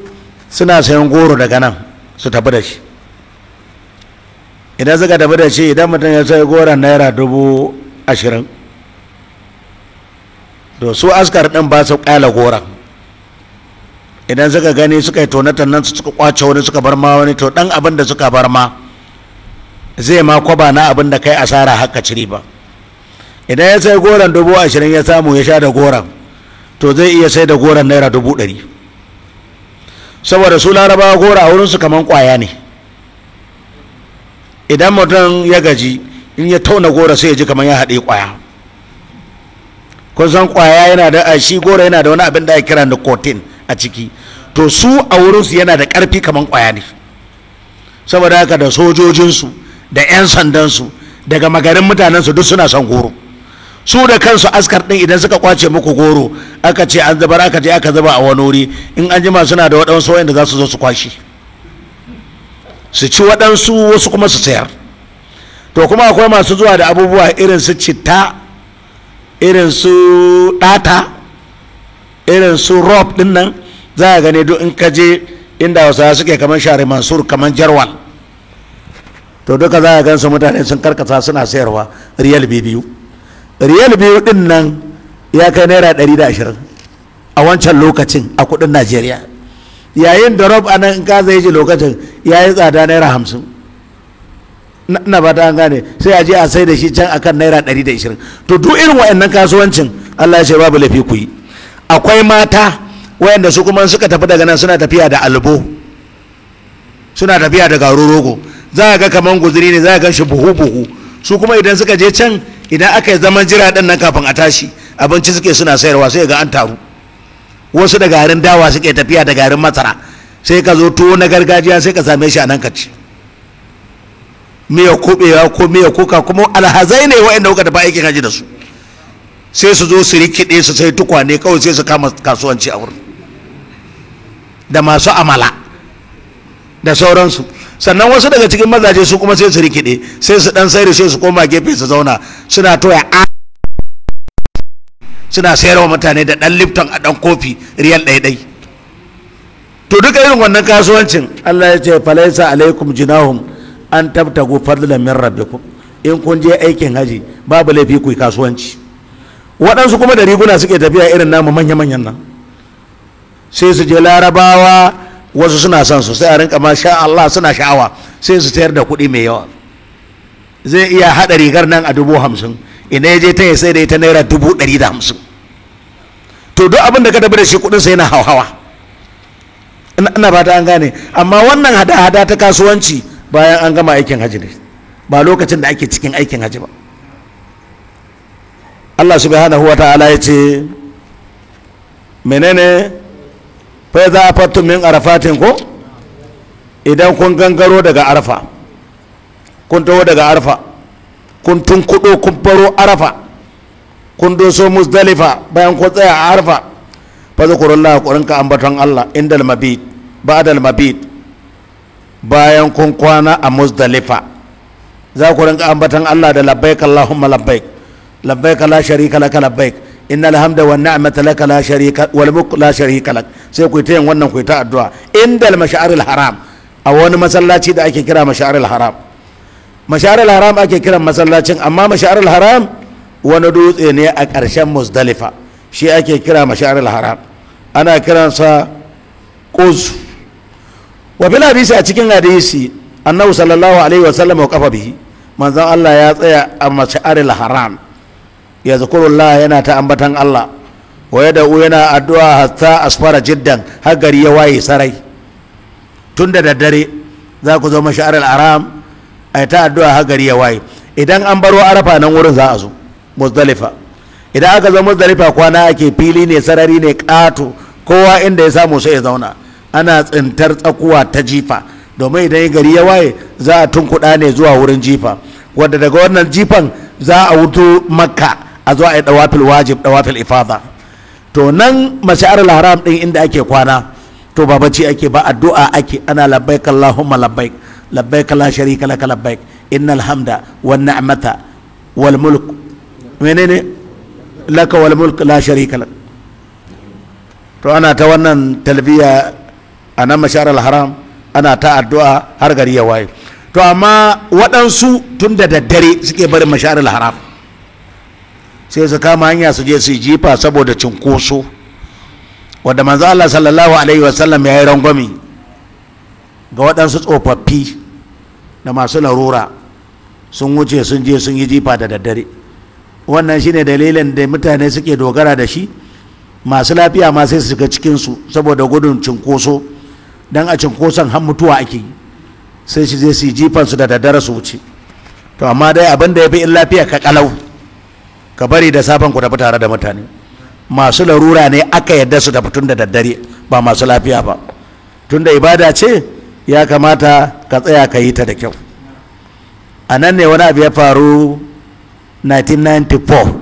suna sayan goro daga nan su tafi da shi idan suka tafi da shi idan mutum ya sayi goron naira dubu ashirin to su askar ɗin ba su ƙala goron idan suka gani suka yi tonatan nan suka kwace wani suka bar ma wani to ɗan abin da suka bar ma zai ma kwaba na abin da kai asara haka ciri ba idan ya sai goron dubu ashirin ya samu ya sha da goron to zai iya sai da goron naira dubu ɗari saboda su larabawa gora a su kamar kwaya ne idan mutum ya gaji in ya tauna gora sai ya ji kamar ya haɗe ƙwaya kun san ƙwaya yana da shi gora yana da wani abin da ake kira kotin a ciki to su a wurinsu yana da ƙarfi kamar ƙwaya ne saboda haka da sojojinsu da 'yan sandansu daga magarin mutanensu duk suna son goro su da kansu askar ɗin idan suka kwace muku goro aka ce an zabar aka je aka zaba a wani wuri in an jima suna da waɗansu wayanda za su zo su kwashe su ci waɗansu wasu kuma su sayar to kuma akwai masu zuwa da abubuwa irin su citta irin su ɗata irin su rob din nan za a gane duk in ka je inda wasu suke kamar share mansur kamar jarwal to duka za a gan su mutane sun karkasa suna sayarwa riyal biyu riyal biyu din nan ya kai naira ɗari da ashirin a wancan lokacin a kuɗin najeriya yayin da rob a nan in ka zai ji lokacin ya yi tsada naira hamsin na ba ta an gane sai a je a sai da shi can akan naira 120 to duk irin wayannan kasuwancin Allah ya ce babu lafi ku yi akwai mata wayanda su kuma suka tafi daga nan suna tafiya da albo suna tafiya da garo rogo za a ga kaman guzuri ne za a ga shi buhu buhu su kuma idan suka je can idan aka yi zaman jira ɗin nan kafin a tashi abinci suke suna sayarwa sai ga an taru wasu da garin dawa suke tafiya da garin masara sai ka zo tuwo na gargajiya sai ka same shi a nan ka ci miya kubewa ko miya kuka kuma alhazai ne waɗanda kuka tafi aikin haji da su sai su zo su rikide su sai tukwane kawai sai su kama kasuwanci a wurin da masu amala da sauransu sannan wasu daga cikin mazaje su kuma sai su rikide sai su dan sayar sai su koma gefe su zauna suna toya a suna sayar wa mutane da dan lifton a dan kofi riyal ɗaiɗai to duka irin wannan kasuwancin Allah ya ce falaisa alaikum jinahum an tabtagu fadlan min rabbikum in kun je aikin haji babu laifi ku kasuwanci waɗansu kuma da riguna suke tafiya irin namu manya-manyan nan sai su je larabawa wasu suna son su sai a rinka ma sha Allah suna sha'awa sai su sayar da kuɗi mai yawa zai iya haɗa rigar nan a dubu hamsin ina ya je ta sai da ita naira dubu ɗari da hamsin to duk abin da ka tafi da shi kuɗin sai yana hauhawa ina ba ta an gane amma wannan hada-hada ta kasuwanci bayan an gama aikin hajji ne ba lokacin da ake cikin aikin hajji ba Allah subhanahu wa ta'ala ya ce menene fa za a fatu min arafatin ko idan kun gangaro daga arfa kun taho daga arfa kun tun kudo kun faro arfa kun doso musdalifa bayan kun tsaya a arfa fa zakurullah ku ambaton Allah indal mabit ba'dal mabit bayan kun kwana a muzdalifa za ku rinka ambatan Allah da labbaik Allahumma labbaik labbaik la sharika laka labbaik innal hamda wan ni'mata laka la sharika wal mulk la sharika lak sai ku ta yin wannan ku ta addu'a indal mash'aril haram a wani masallaci da ake kira mash'aril haram mash'aril haram ake kiran masallacin amma mash'aril haram wani dutse ne a ƙarshen muzdalifa shi ake kira mash'aril haram ana kiransa quz wa fil bisa a cikin hadisi annabi sallallahu alaihi wa sallam wa kafa bihi manzon Allah ya tsaya a al haram ya zikrullah yana ta ambatan Allah wa yada da'u yana addu'a hatta asfara jiddan har gari ya waye sarai tun da daddare za ku zo al haram ai ta addu'a har gari ya waye idan an baro arafa nan wurin za a zo muzdalifa idan aka zo muzdalifa kwana ake fili ne sarari ne ƙato kowa inda ya samu sai ya zauna ana tsintar tsakuwa ta jifa domin idan gari ya waye za a tunkuɗa ne zuwa wurin jifa wadda daga wannan jifan za a wuto makka a zuwa a dawafil wajib dawafil ifada to nan mashi'ar haram din inda ake kwana to ba bacci ake ba addu'a ake ana labbaik allahumma labbaik labbaik la sharika laka labbaik innal hamda wan ni'mata wal mulk menene laka wal mulk la sharika lak to ana ta wannan talbiya a nan masharar haram ana ta addu'a har gari ya waye to amma waɗansu tun da daddare suke barin masharar haram sai su kama hanya su je su jifa saboda cinkoso wadda manzo Allah sallallahu alaihi wasallam ya yi rangwami ga waɗansu tsofaffi da masu larura sun wuce sun je sun yi jifa da daddare wannan shine dalilin da mutane suke dogara da shi masu lafiya ma sai su shiga cikinsu saboda gudun cinkoso dan a cinkoson har mutuwa ake yi sai shi zai su yi jifansu da daddare su wuce to amma dai abin da ya fi in lafiya ka kalau ka bari da safan ku tafi tare da mutane masu larura ne aka yadda su tafi tun da daddare ba masu lafiya ba tun da ibada ce ya kamata ka tsaya ka yi ta da kyau a nan ne wani abu ya faru 1994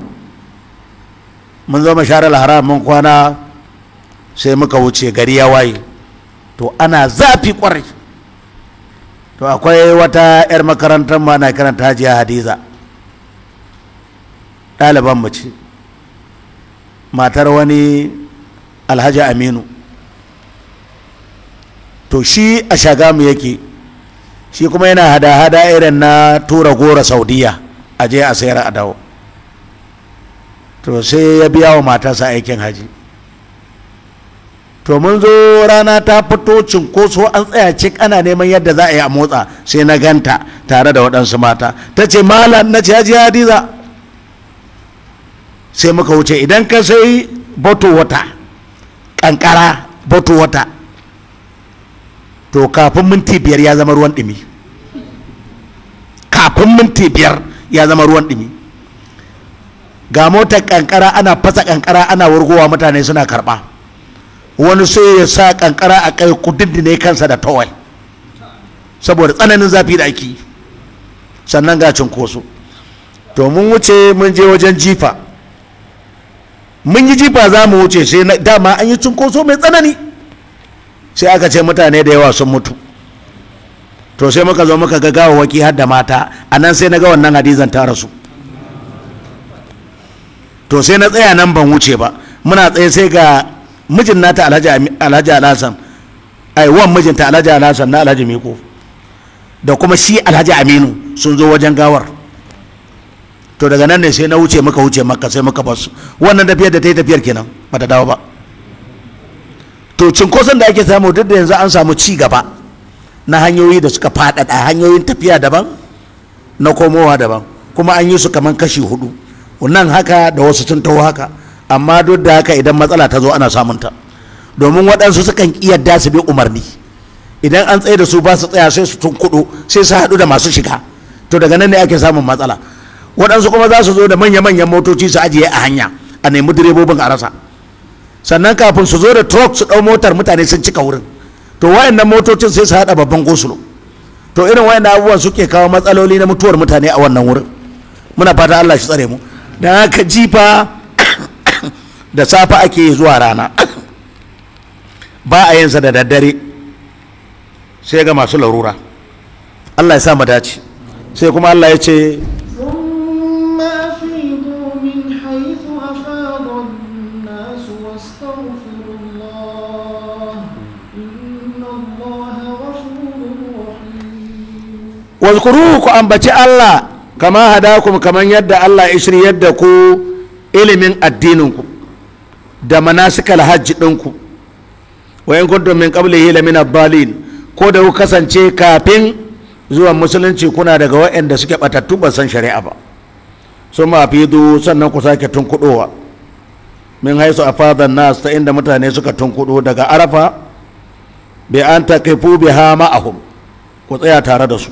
mun zo masharar haram mun kwana sai muka wuce gari ya waye to ana zafi kwarai to akwai wata 'yar makarantar ma na karanta hajiya hadiza ɗaliban mace matar wani alhaji aminu to shi a shagamu yake shi kuma yana hada-hada irin na tura gora saudiya a je a sayar a dawo to sai ya biya wa matarsa aikin haji to mun zo rana ta fito cinkoso an tsaya cik ana neman yadda za a yi a motsa sai na ganta tare da waɗansu mata ta ce malam na ce hajiya hadiza sai muka wuce idan ka sai bato wata ƙanƙara bato wata to kafin minti biyar ya zama ruwan ɗumi kafin minti biyar ya zama ruwan ɗumi ga motar ƙanƙara ana fasa ƙanƙara ana wurgowa mutane suna karɓa wani sai ya sa kankara a kai kududdune kansa da towel saboda tsananin zafi da ake sannan ga cinkoso to mun wuce mun je wajen jifa mun yi jifa za mu wuce sai dama an yi cinkoso mai tsanani sai aka ce mutane da yawa sun mutu to sai muka zo muka ga gawawaki har da mata a nan sai na ga wannan hadizan ta rasu to sai na tsaya nan ban wuce ba muna tsaye sai ga mijin nata alhaji alhassan ai wan mijinta alhaji alhassan na alhaji miko da kuma shi alhaji aminu sun zo wajen gawar to daga nan ne sai na wuce maka wuce maka sai maka basu wannan tafiyar da ta yi tafiyar kenan ba ta dawo ba to cinkoson da ake samu duk da yanzu an samu ci gaba na hanyoyi da suka faɗaɗa hanyoyin tafiya daban na komowa daban kuma an yi su kamar kashi hudu nan haka da wasu sun taho haka amma duk da haka idan matsala ta zo ana samun ta domin waɗansu sukan yadda su bi umarni idan an tsaye da su ba su tsaya sai su kudu sai su haɗu da masu shiga to daga nan ne ake samun matsala waɗansu kuma za su zo da manya-manyan motoci su ajiye a hanya a nemi direbobin a rasa sannan kafin su zo da truck su ɗau motar mutane sun cika wurin to wayannan motocin sai su haɗa babban gosulo to irin wayannan abubuwan suke kawo matsaloli na mutuwar mutane a wannan wurin muna fata Allah shi tsare mu dan haka jifa da safe ake zuwa rana ba a yinsa da daddare sai ga masu larura Allah ya sa mu dace sai kuma Allah ya ce wazkuruhu ku ambaci Allah kama hadakum kaman yadda Allah ya shiryar da ku ilimin addininku da manasikal hajji ɗinku wa in kuntum min qablihi lamina balin ko da ku kasance kafin zuwa musulunci kuna daga waɗanda suke batattu ban san shari'a ba ma fidu sannan ku sake tunkuɗowa min haisu a fadar nas ta inda mutane suka tunkuɗo daga arafa bi an taqifu biha ma'ahum ku tsaya tare da su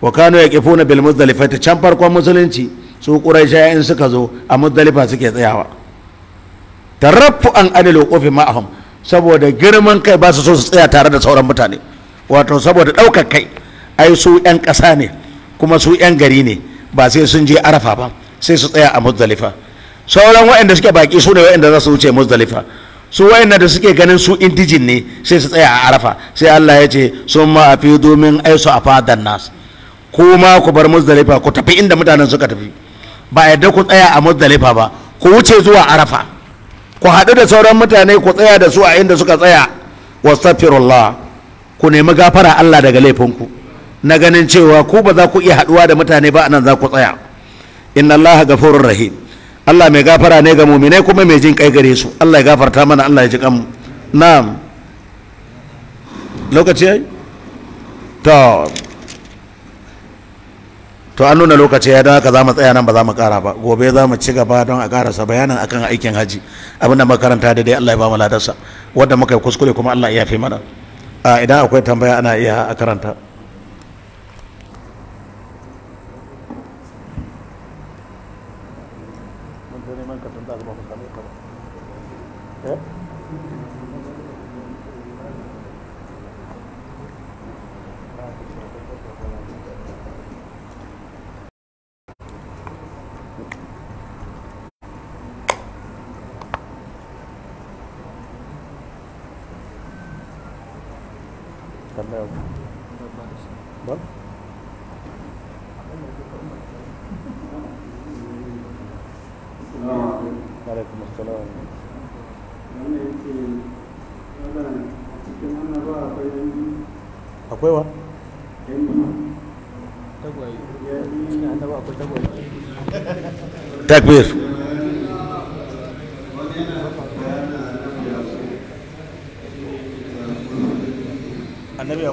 wa kanu yaqifuna bil muzdalifati can farkon musulunci su quraisha in suka zo a muzdalifa suke tsayawa tarafu'an an anil wuqufi ma'ahum saboda girman kai ba su so su tsaya tare da sauran mutane wato saboda ɗaukar kai ai su 'yan ƙasa ne kuma su 'yan gari ne ba sai sun je arafa ba sai su tsaya a muzdalifa sauran waɗanda suke baki su ne waɗanda za su wuce muzdalifa su waɗanda da suke ganin su indijin ne sai su tsaya a arafa sai allah ya ce sun ma a fi domin aisu a fadan nas kuma ku bar muzdalifa ku tafi inda mutanen suka tafi ba yadda ku tsaya a muzdalifa ba ku wuce zuwa arafa ku haɗu da sauran mutane ku tsaya da su a inda suka tsaya wastaghfirullah ku nemi gafara Allah daga laifinku na ganin cewa ku ba za ku iya haɗuwa da mutane ba anan za ku tsaya inna Allah gafurur rahim Allah mai gafara ne ga muminai kuma mai jin kai gare su Allah ya gafarta mana Allah ya ji kan na'am lokaci to to an nuna lokaci ya don haka za mu tsaya nan ba za mu kara ba gobe za mu ci gaba don a karasa bayanin akan aikin haji abin da makaranta da dai Allah ya ba mu ladarsa wanda muka yi kuskure kuma Allah ya fi mana idan akwai tambaya ana iya a karanta takbir annabi ya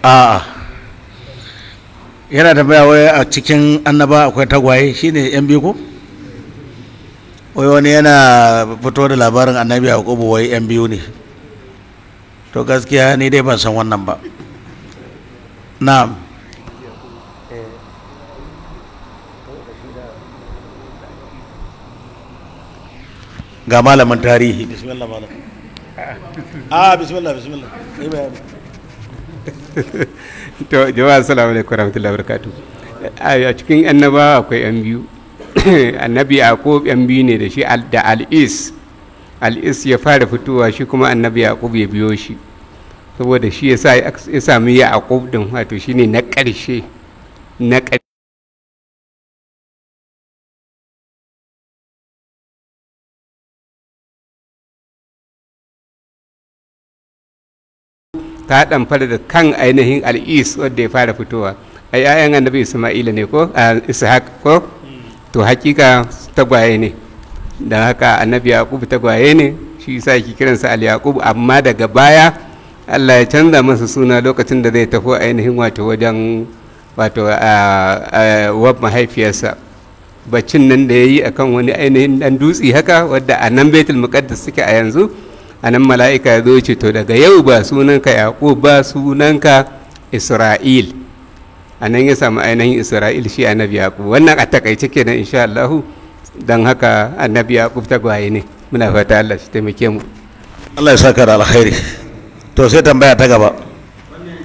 a'a yana tambaya wai a cikin annaba akwai tagwaye shine yan biyu ko wai wani yana fito da labarin annabi yakubu wai yan biyu ne to gaskiya ni dai ban san wannan ba na'am ga malamin tarihi bismillah malam ah bismillah bismillah to jama'a assalamu alaikum warahmatullahi wabarakatuh a cikin annabawa akwai yan biyu annabi yaqub yan biyu ne da shi da al'is al'is ya fara fitowa shi kuma annabi yaqub ya biyo shi saboda shi ya sami yaqub din wato shi ne na ƙarshe na ƙarshe ta fara da kan ainihin al'is wadda ya fara fitowa a 'ya'yan annabi isma'ila ne ko a ah, ishaq ko to hakika tagwaye ne da haka annabi yaqub tagwaye ne shi yasa ki kiransa al yaqub amma daga baya Allah ya canza masa suna lokacin da zai tafi ainihin wato wajen wato wab mahaifiyarsa baccin nan da yayi akan wani ainihin dan dutse haka wadda a nan baitul muqaddas suke a yanzu a nan mala'ika ya zo ce to daga yau ba sunanka yaqub ba sunanka isra'il a nan ya samu ainihin isra'il shi annabi yaqub wannan a takaice kenan insha Allahu don haka annabi ya kubta gwaye ne muna fata Allah shi taimake mu Allah ya saka da alkhairi to sai tambaya ta gaba eh,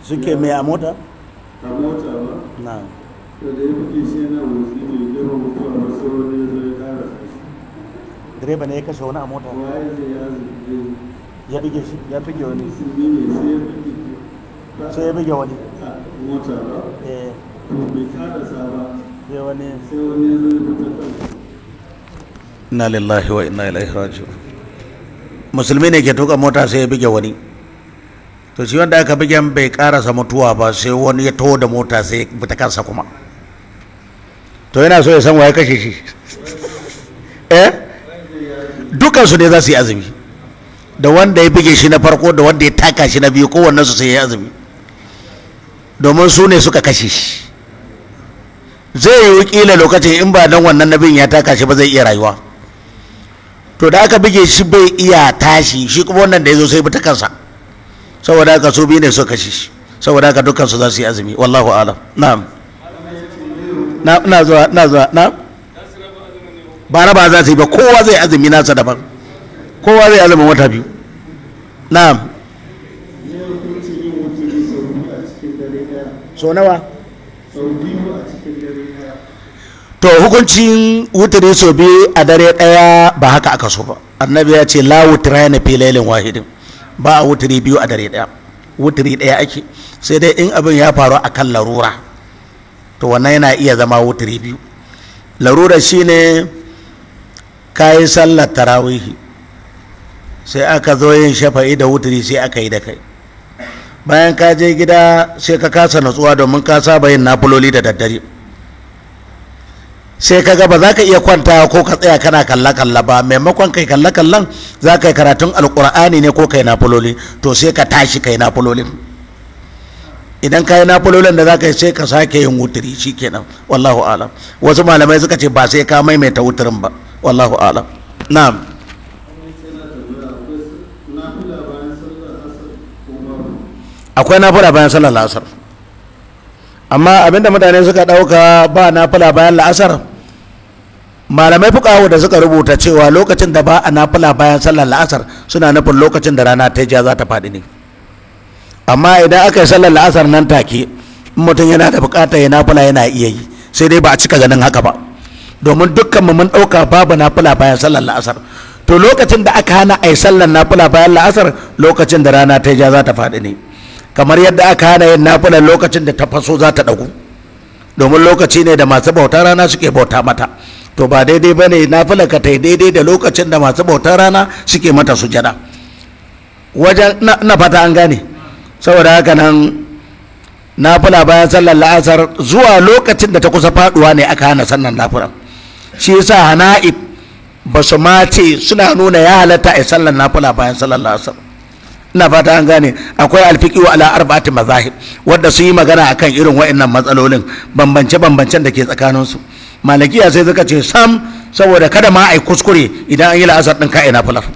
suke mai a mota? a mota ba na da ya kuke shi yana motsi ne da ba mutu a masu wani ya zo kara direba ne ya kashe wani a mota ya shi ya wani ne sai ya sai ya buge wani eh. na lillahi wa inna ilaihi raji'un musulmi ne ke tuka mota sai ya bige wani to shi wanda aka bige bai karasa mutuwa ba sai wani ya taho da mota sai ya ta kansa kuma to yana so ya san waye kashe shi eh dukan su ne za su yi azumi da wanda ya bige shi na farko da wanda ya taka shi na biyu kowannen su sai ya yi azumi domin su ne suka kashe shi zai yi kila lokacin in ba don wannan nabin ya taka shi ba zai iya rayuwa to da aka bige shi bai iya tashi shi kuma wannan da ya zo sai bi ta kansa saboda haka su biyu ne suka kashe shi saboda haka dukkan su za su yi azumi wallahu alam na'am na na zuwa na zuwa na ba raba za su yi ba kowa zai azumi nasa daban kowa zai azumin wata biyu na'am so nawa to hukuncin wuturi so biyu a dare daya ba haka aka so ba annabi ya ce la wutira na filailin wahidin ba a wutiri biyu a dare daya wuturi daya ake sai dai in abin ya faru a kan larura to wannan yana iya zama wuturi biyu larura shine ka yi sallar tarawihi sai aka zo yin shafa'i da wuturi sai aka yi da kai bayan ka je gida sai ka kasa natsuwa domin ka saba yin nafuloli da daddare sai ka ga ba za ka iya kwanta ko ka tsaya kana kalla kalla ba maimakon kai kalla kallan za ka yi karatun alkur'ani ne ko kai nafuloli to sai ka tashi kai nafulolin idan ka yi nafulolin da za ka yi sai ka sake yin wuturi shikenan wallahu alam wasu malamai suka ce ba sai ka maimaita wuturin ba wallahu alam na'am akwai nafila bayan sallar la'asar amma abinda mutane suka ɗauka ba nafila bayan la'asar malamai fukawo da suka rubuta cewa lokacin da ba a nafila bayan sallar la'asar suna nufin lokacin da rana ta ja za ta faɗi ne amma idan aka yi sallar la'asar nan take mutum yana da bukata ya nafila yana iya yi sai dai ba a cika ganin haka ba domin dukkan mu mun ɗauka babu nafila bayan sallar la'asar to lokacin da aka hana a yi sallar nafila bayan la'asar lokacin da rana ta ja za ta faɗi ne kamar yadda aka hana yin nafilar lokacin da ta faso za ta ɗagu domin lokaci ne da masu bauta rana suke bauta mata to ba daidai ba ne nafilar ka ta daidai da lokacin da masu bauta rana suke mata sujada wajen na fata an gane saboda haka nan nafila bayan sallar la'asar zuwa lokacin da ta kusa faduwa ne aka hana sannan nafila shi yasa hanai ba su mace suna nuna ya halatta a sallar nafila bayan sallar la'asar ina fata an gane akwai wa ala arba'ati mazahib wanda sun yi magana akan irin wa'annan matsalolin bambance bambancen da ke tsakanin su malakiya sai suka ce sam saboda kada ma ai kuskure idan an yi la'asar din ka ina fulaf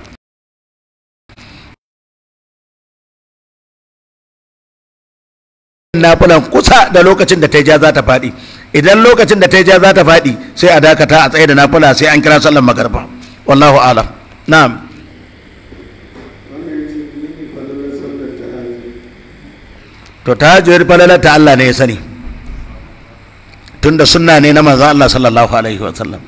fulan kusa da lokacin da ta ja za ta faɗi idan lokacin da ta ja za ta faɗi sai a dakata a tsaye da nafila sai an kira sallan magarba wallahu alam na'am to ta tahajjud falala ta Allah ne ya sani tunda sunna ne na manzan Allah sallallahu alaihi wasallam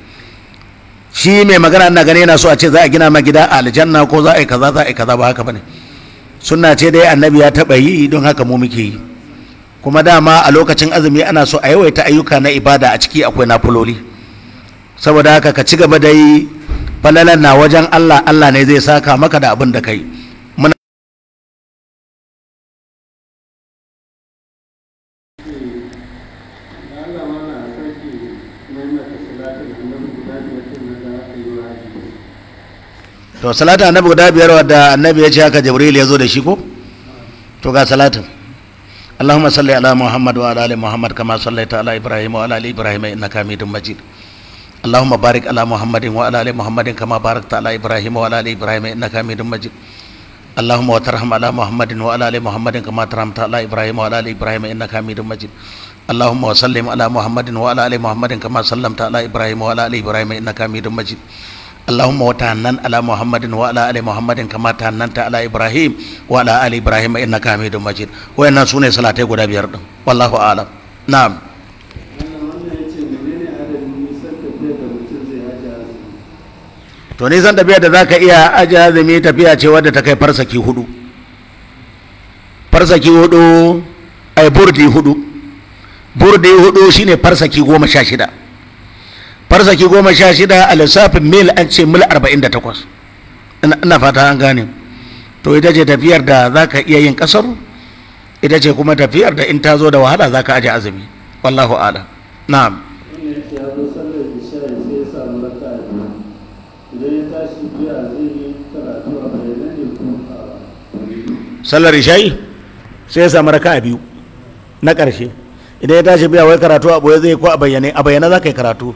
shi mai magana ana gani yana so a ce za a gina ma gida a aljanna ko za a yi kaza za a yi kaza ba haka bane sunna ce dai annabi ya taba yi don haka mu muke yi kuma dama a lokacin azumi ana so a yawaita ayyuka na ibada a ciki akwai nafuloli saboda haka ka ci gaba da yi falalan na wajen Allah Allah ne zai saka maka da abin da kai to salata annabi guda biyar wadda annabi ya ce haka jibril ya zo da shi ko to ga salatin اللهم وتعنن على محمد وعلى ال محمد كما تعننت على ابراهيم وعلى ال ابراهيم انك حميد مجيد وان سنه صلاتي غدا بيار والله اعلم نعم to nisan tafiya da zaka iya aji azumi tafiya ce wadda ta kai farsaki hudu farsaki hudu ai burdi hudu burdi hudu shine farsaki goma sha shida farsaki goma sha shida a lissafin mil an ce mil arba'in da takwas ina fata an gane to ita ce tafiyar da za ka iya yin ƙasar ita ce kuma tafiyar da in ta zo da wahala za ka aji azumi wallahu ala na'am sallar ishayi sai ya samu raka'a biyu na ƙarshe idan ya tashi biya wai karatu a ɓoye zai ko a bayyane a bayyane za ka yi karatu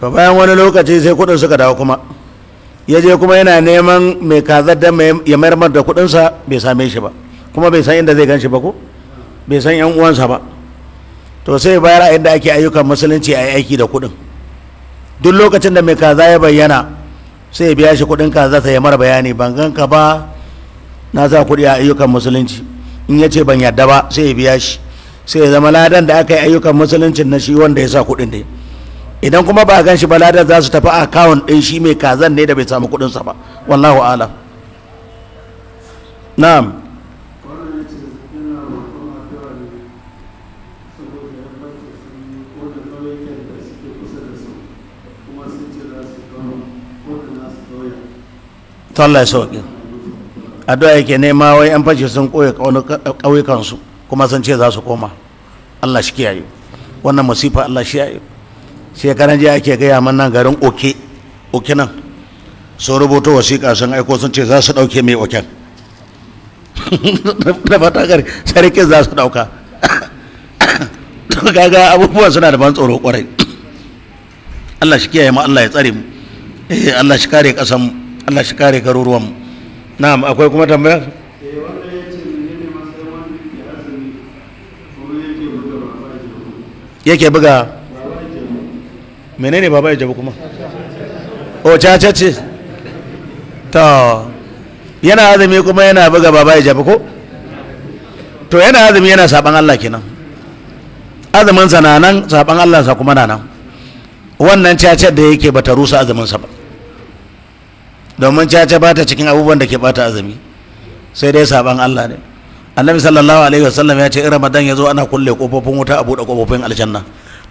to bayan wani lokaci sai kudin suka dawo kuma ya je kuma yana neman mai kazar da ya mayar da kudinsa bai same shi ba kuma bai san inda zai gan shi ba ko bai san yan uwansa ba to sai bayar a inda ake ayyukan musulunci a aiki da kudin duk lokacin da mai kaza ya bayyana sai ya biya shi kudin kaza sai ya mara bayani ban gan ka ba na sa kudi a ayyukan musulunci in ya ce ban yadda ba sai ya biya shi sai ya zama ladan da aka yi ayyukan musulunci na shi wanda ya sa kudin dai idan kuma ba gan shi ba za su tafi a kawon ɗin shi mai kazan ne da bai samu sa ba wallahu ala na'am Allah ya sauƙi addu'a yake nema wai an fashe sun koya ƙauyukansu kuma sun ce za su koma Allah shi kiyaye wannan masifa Allah shi yayi shekaran jiya ake gaya man nan garin oke oke nan sun rubuta wasiƙa sun aiko sun ce za su ɗauke mai oken da fata gari sarkin za su ɗauka ga abubuwa suna da ban tsoro ƙwarai Allah shi kiyaye mu Allah ya tsare mu eh Allah shi kare ƙasar mu Allah shi kare garuruwan mu na'am akwai kuma tambaya eh, yake buga menene baba ya jabu kuma o caca ce to yana azumi kuma yana buga baba ya jabu ko to yana azumi yana saban Allah kenan azumin sa nan saban Allah sa kuma nan wannan caca da yake bata rusa azumin sa ba domin caca ba ta cikin abubuwan da ke bata azumi sai dai saban Allah ne annabi sallallahu alaihi wasallam ya ce in ramadan ya zo ana kulle kofofin wuta a buɗe kofofin aljanna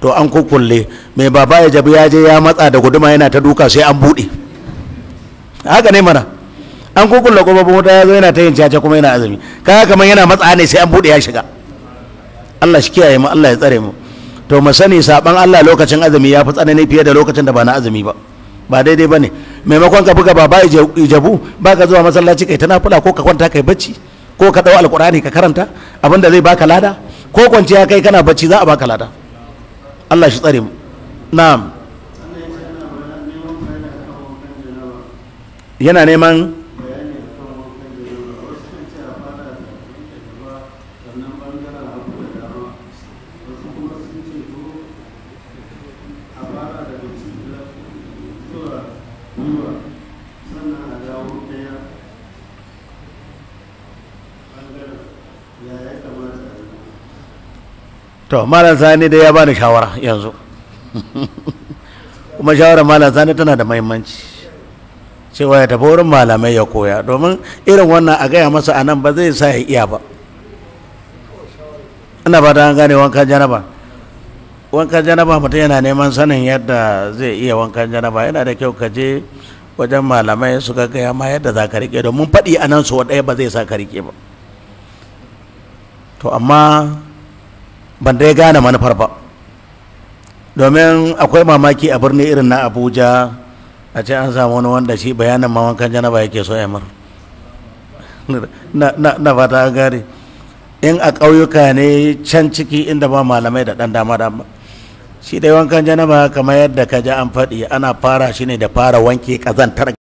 to an kukkulle mai baba ya jabi ya je ya matsa da guduma yana ta duka sai an buɗe haka ne mana an kukkulle kofofin wuta ya zo yana ta yin caca kuma yana azumi kaga kamar yana matsa ne sai an buɗe ya shiga Allah shi kiyaye mu Allah ya tsare mu to mu sani saban Allah lokacin azumi ya fi tsanani fiye da lokacin da ba na azumi ba ba daidai ba ne maimakon ka buga baba jabu ba ka zuwa masallaci kai ta nafula ko ka kwanta kai bacci ko ka ɗau alkurani ka karanta abinda zai baka lada ko kwanciya kai kana bacci za a baka lada Allah shi tsare mu na'am yana neman to malam sani dai ya bani shawara yanzu kuma shawara malam sani tana da mahimmanci cewa ya tafi wurin malamai ya koya domin irin wannan a gaya masa anan ba zai sa ya iya ba ina ba an gane wankan janaba wankan janaba mutum yana neman sanin yadda zai iya wankan janaba yana da kyau ka je wajen malamai ga gaya ma yadda za ka rike domin faɗi anan su ɗaya ba zai sa ka rike ba to amma ban dai gane manufar ba domin akwai mamaki a birni irin na abuja a ce an samu wani wanda shi bayanin mawankan janaba yake so ya mar na fata an gari in a ƙauyuka ne can ciki inda ba malamai da ɗan dama dama shi dai wankan janaba kamar yadda ka ji an faɗi ana fara shi ne da fara wanke ƙazantar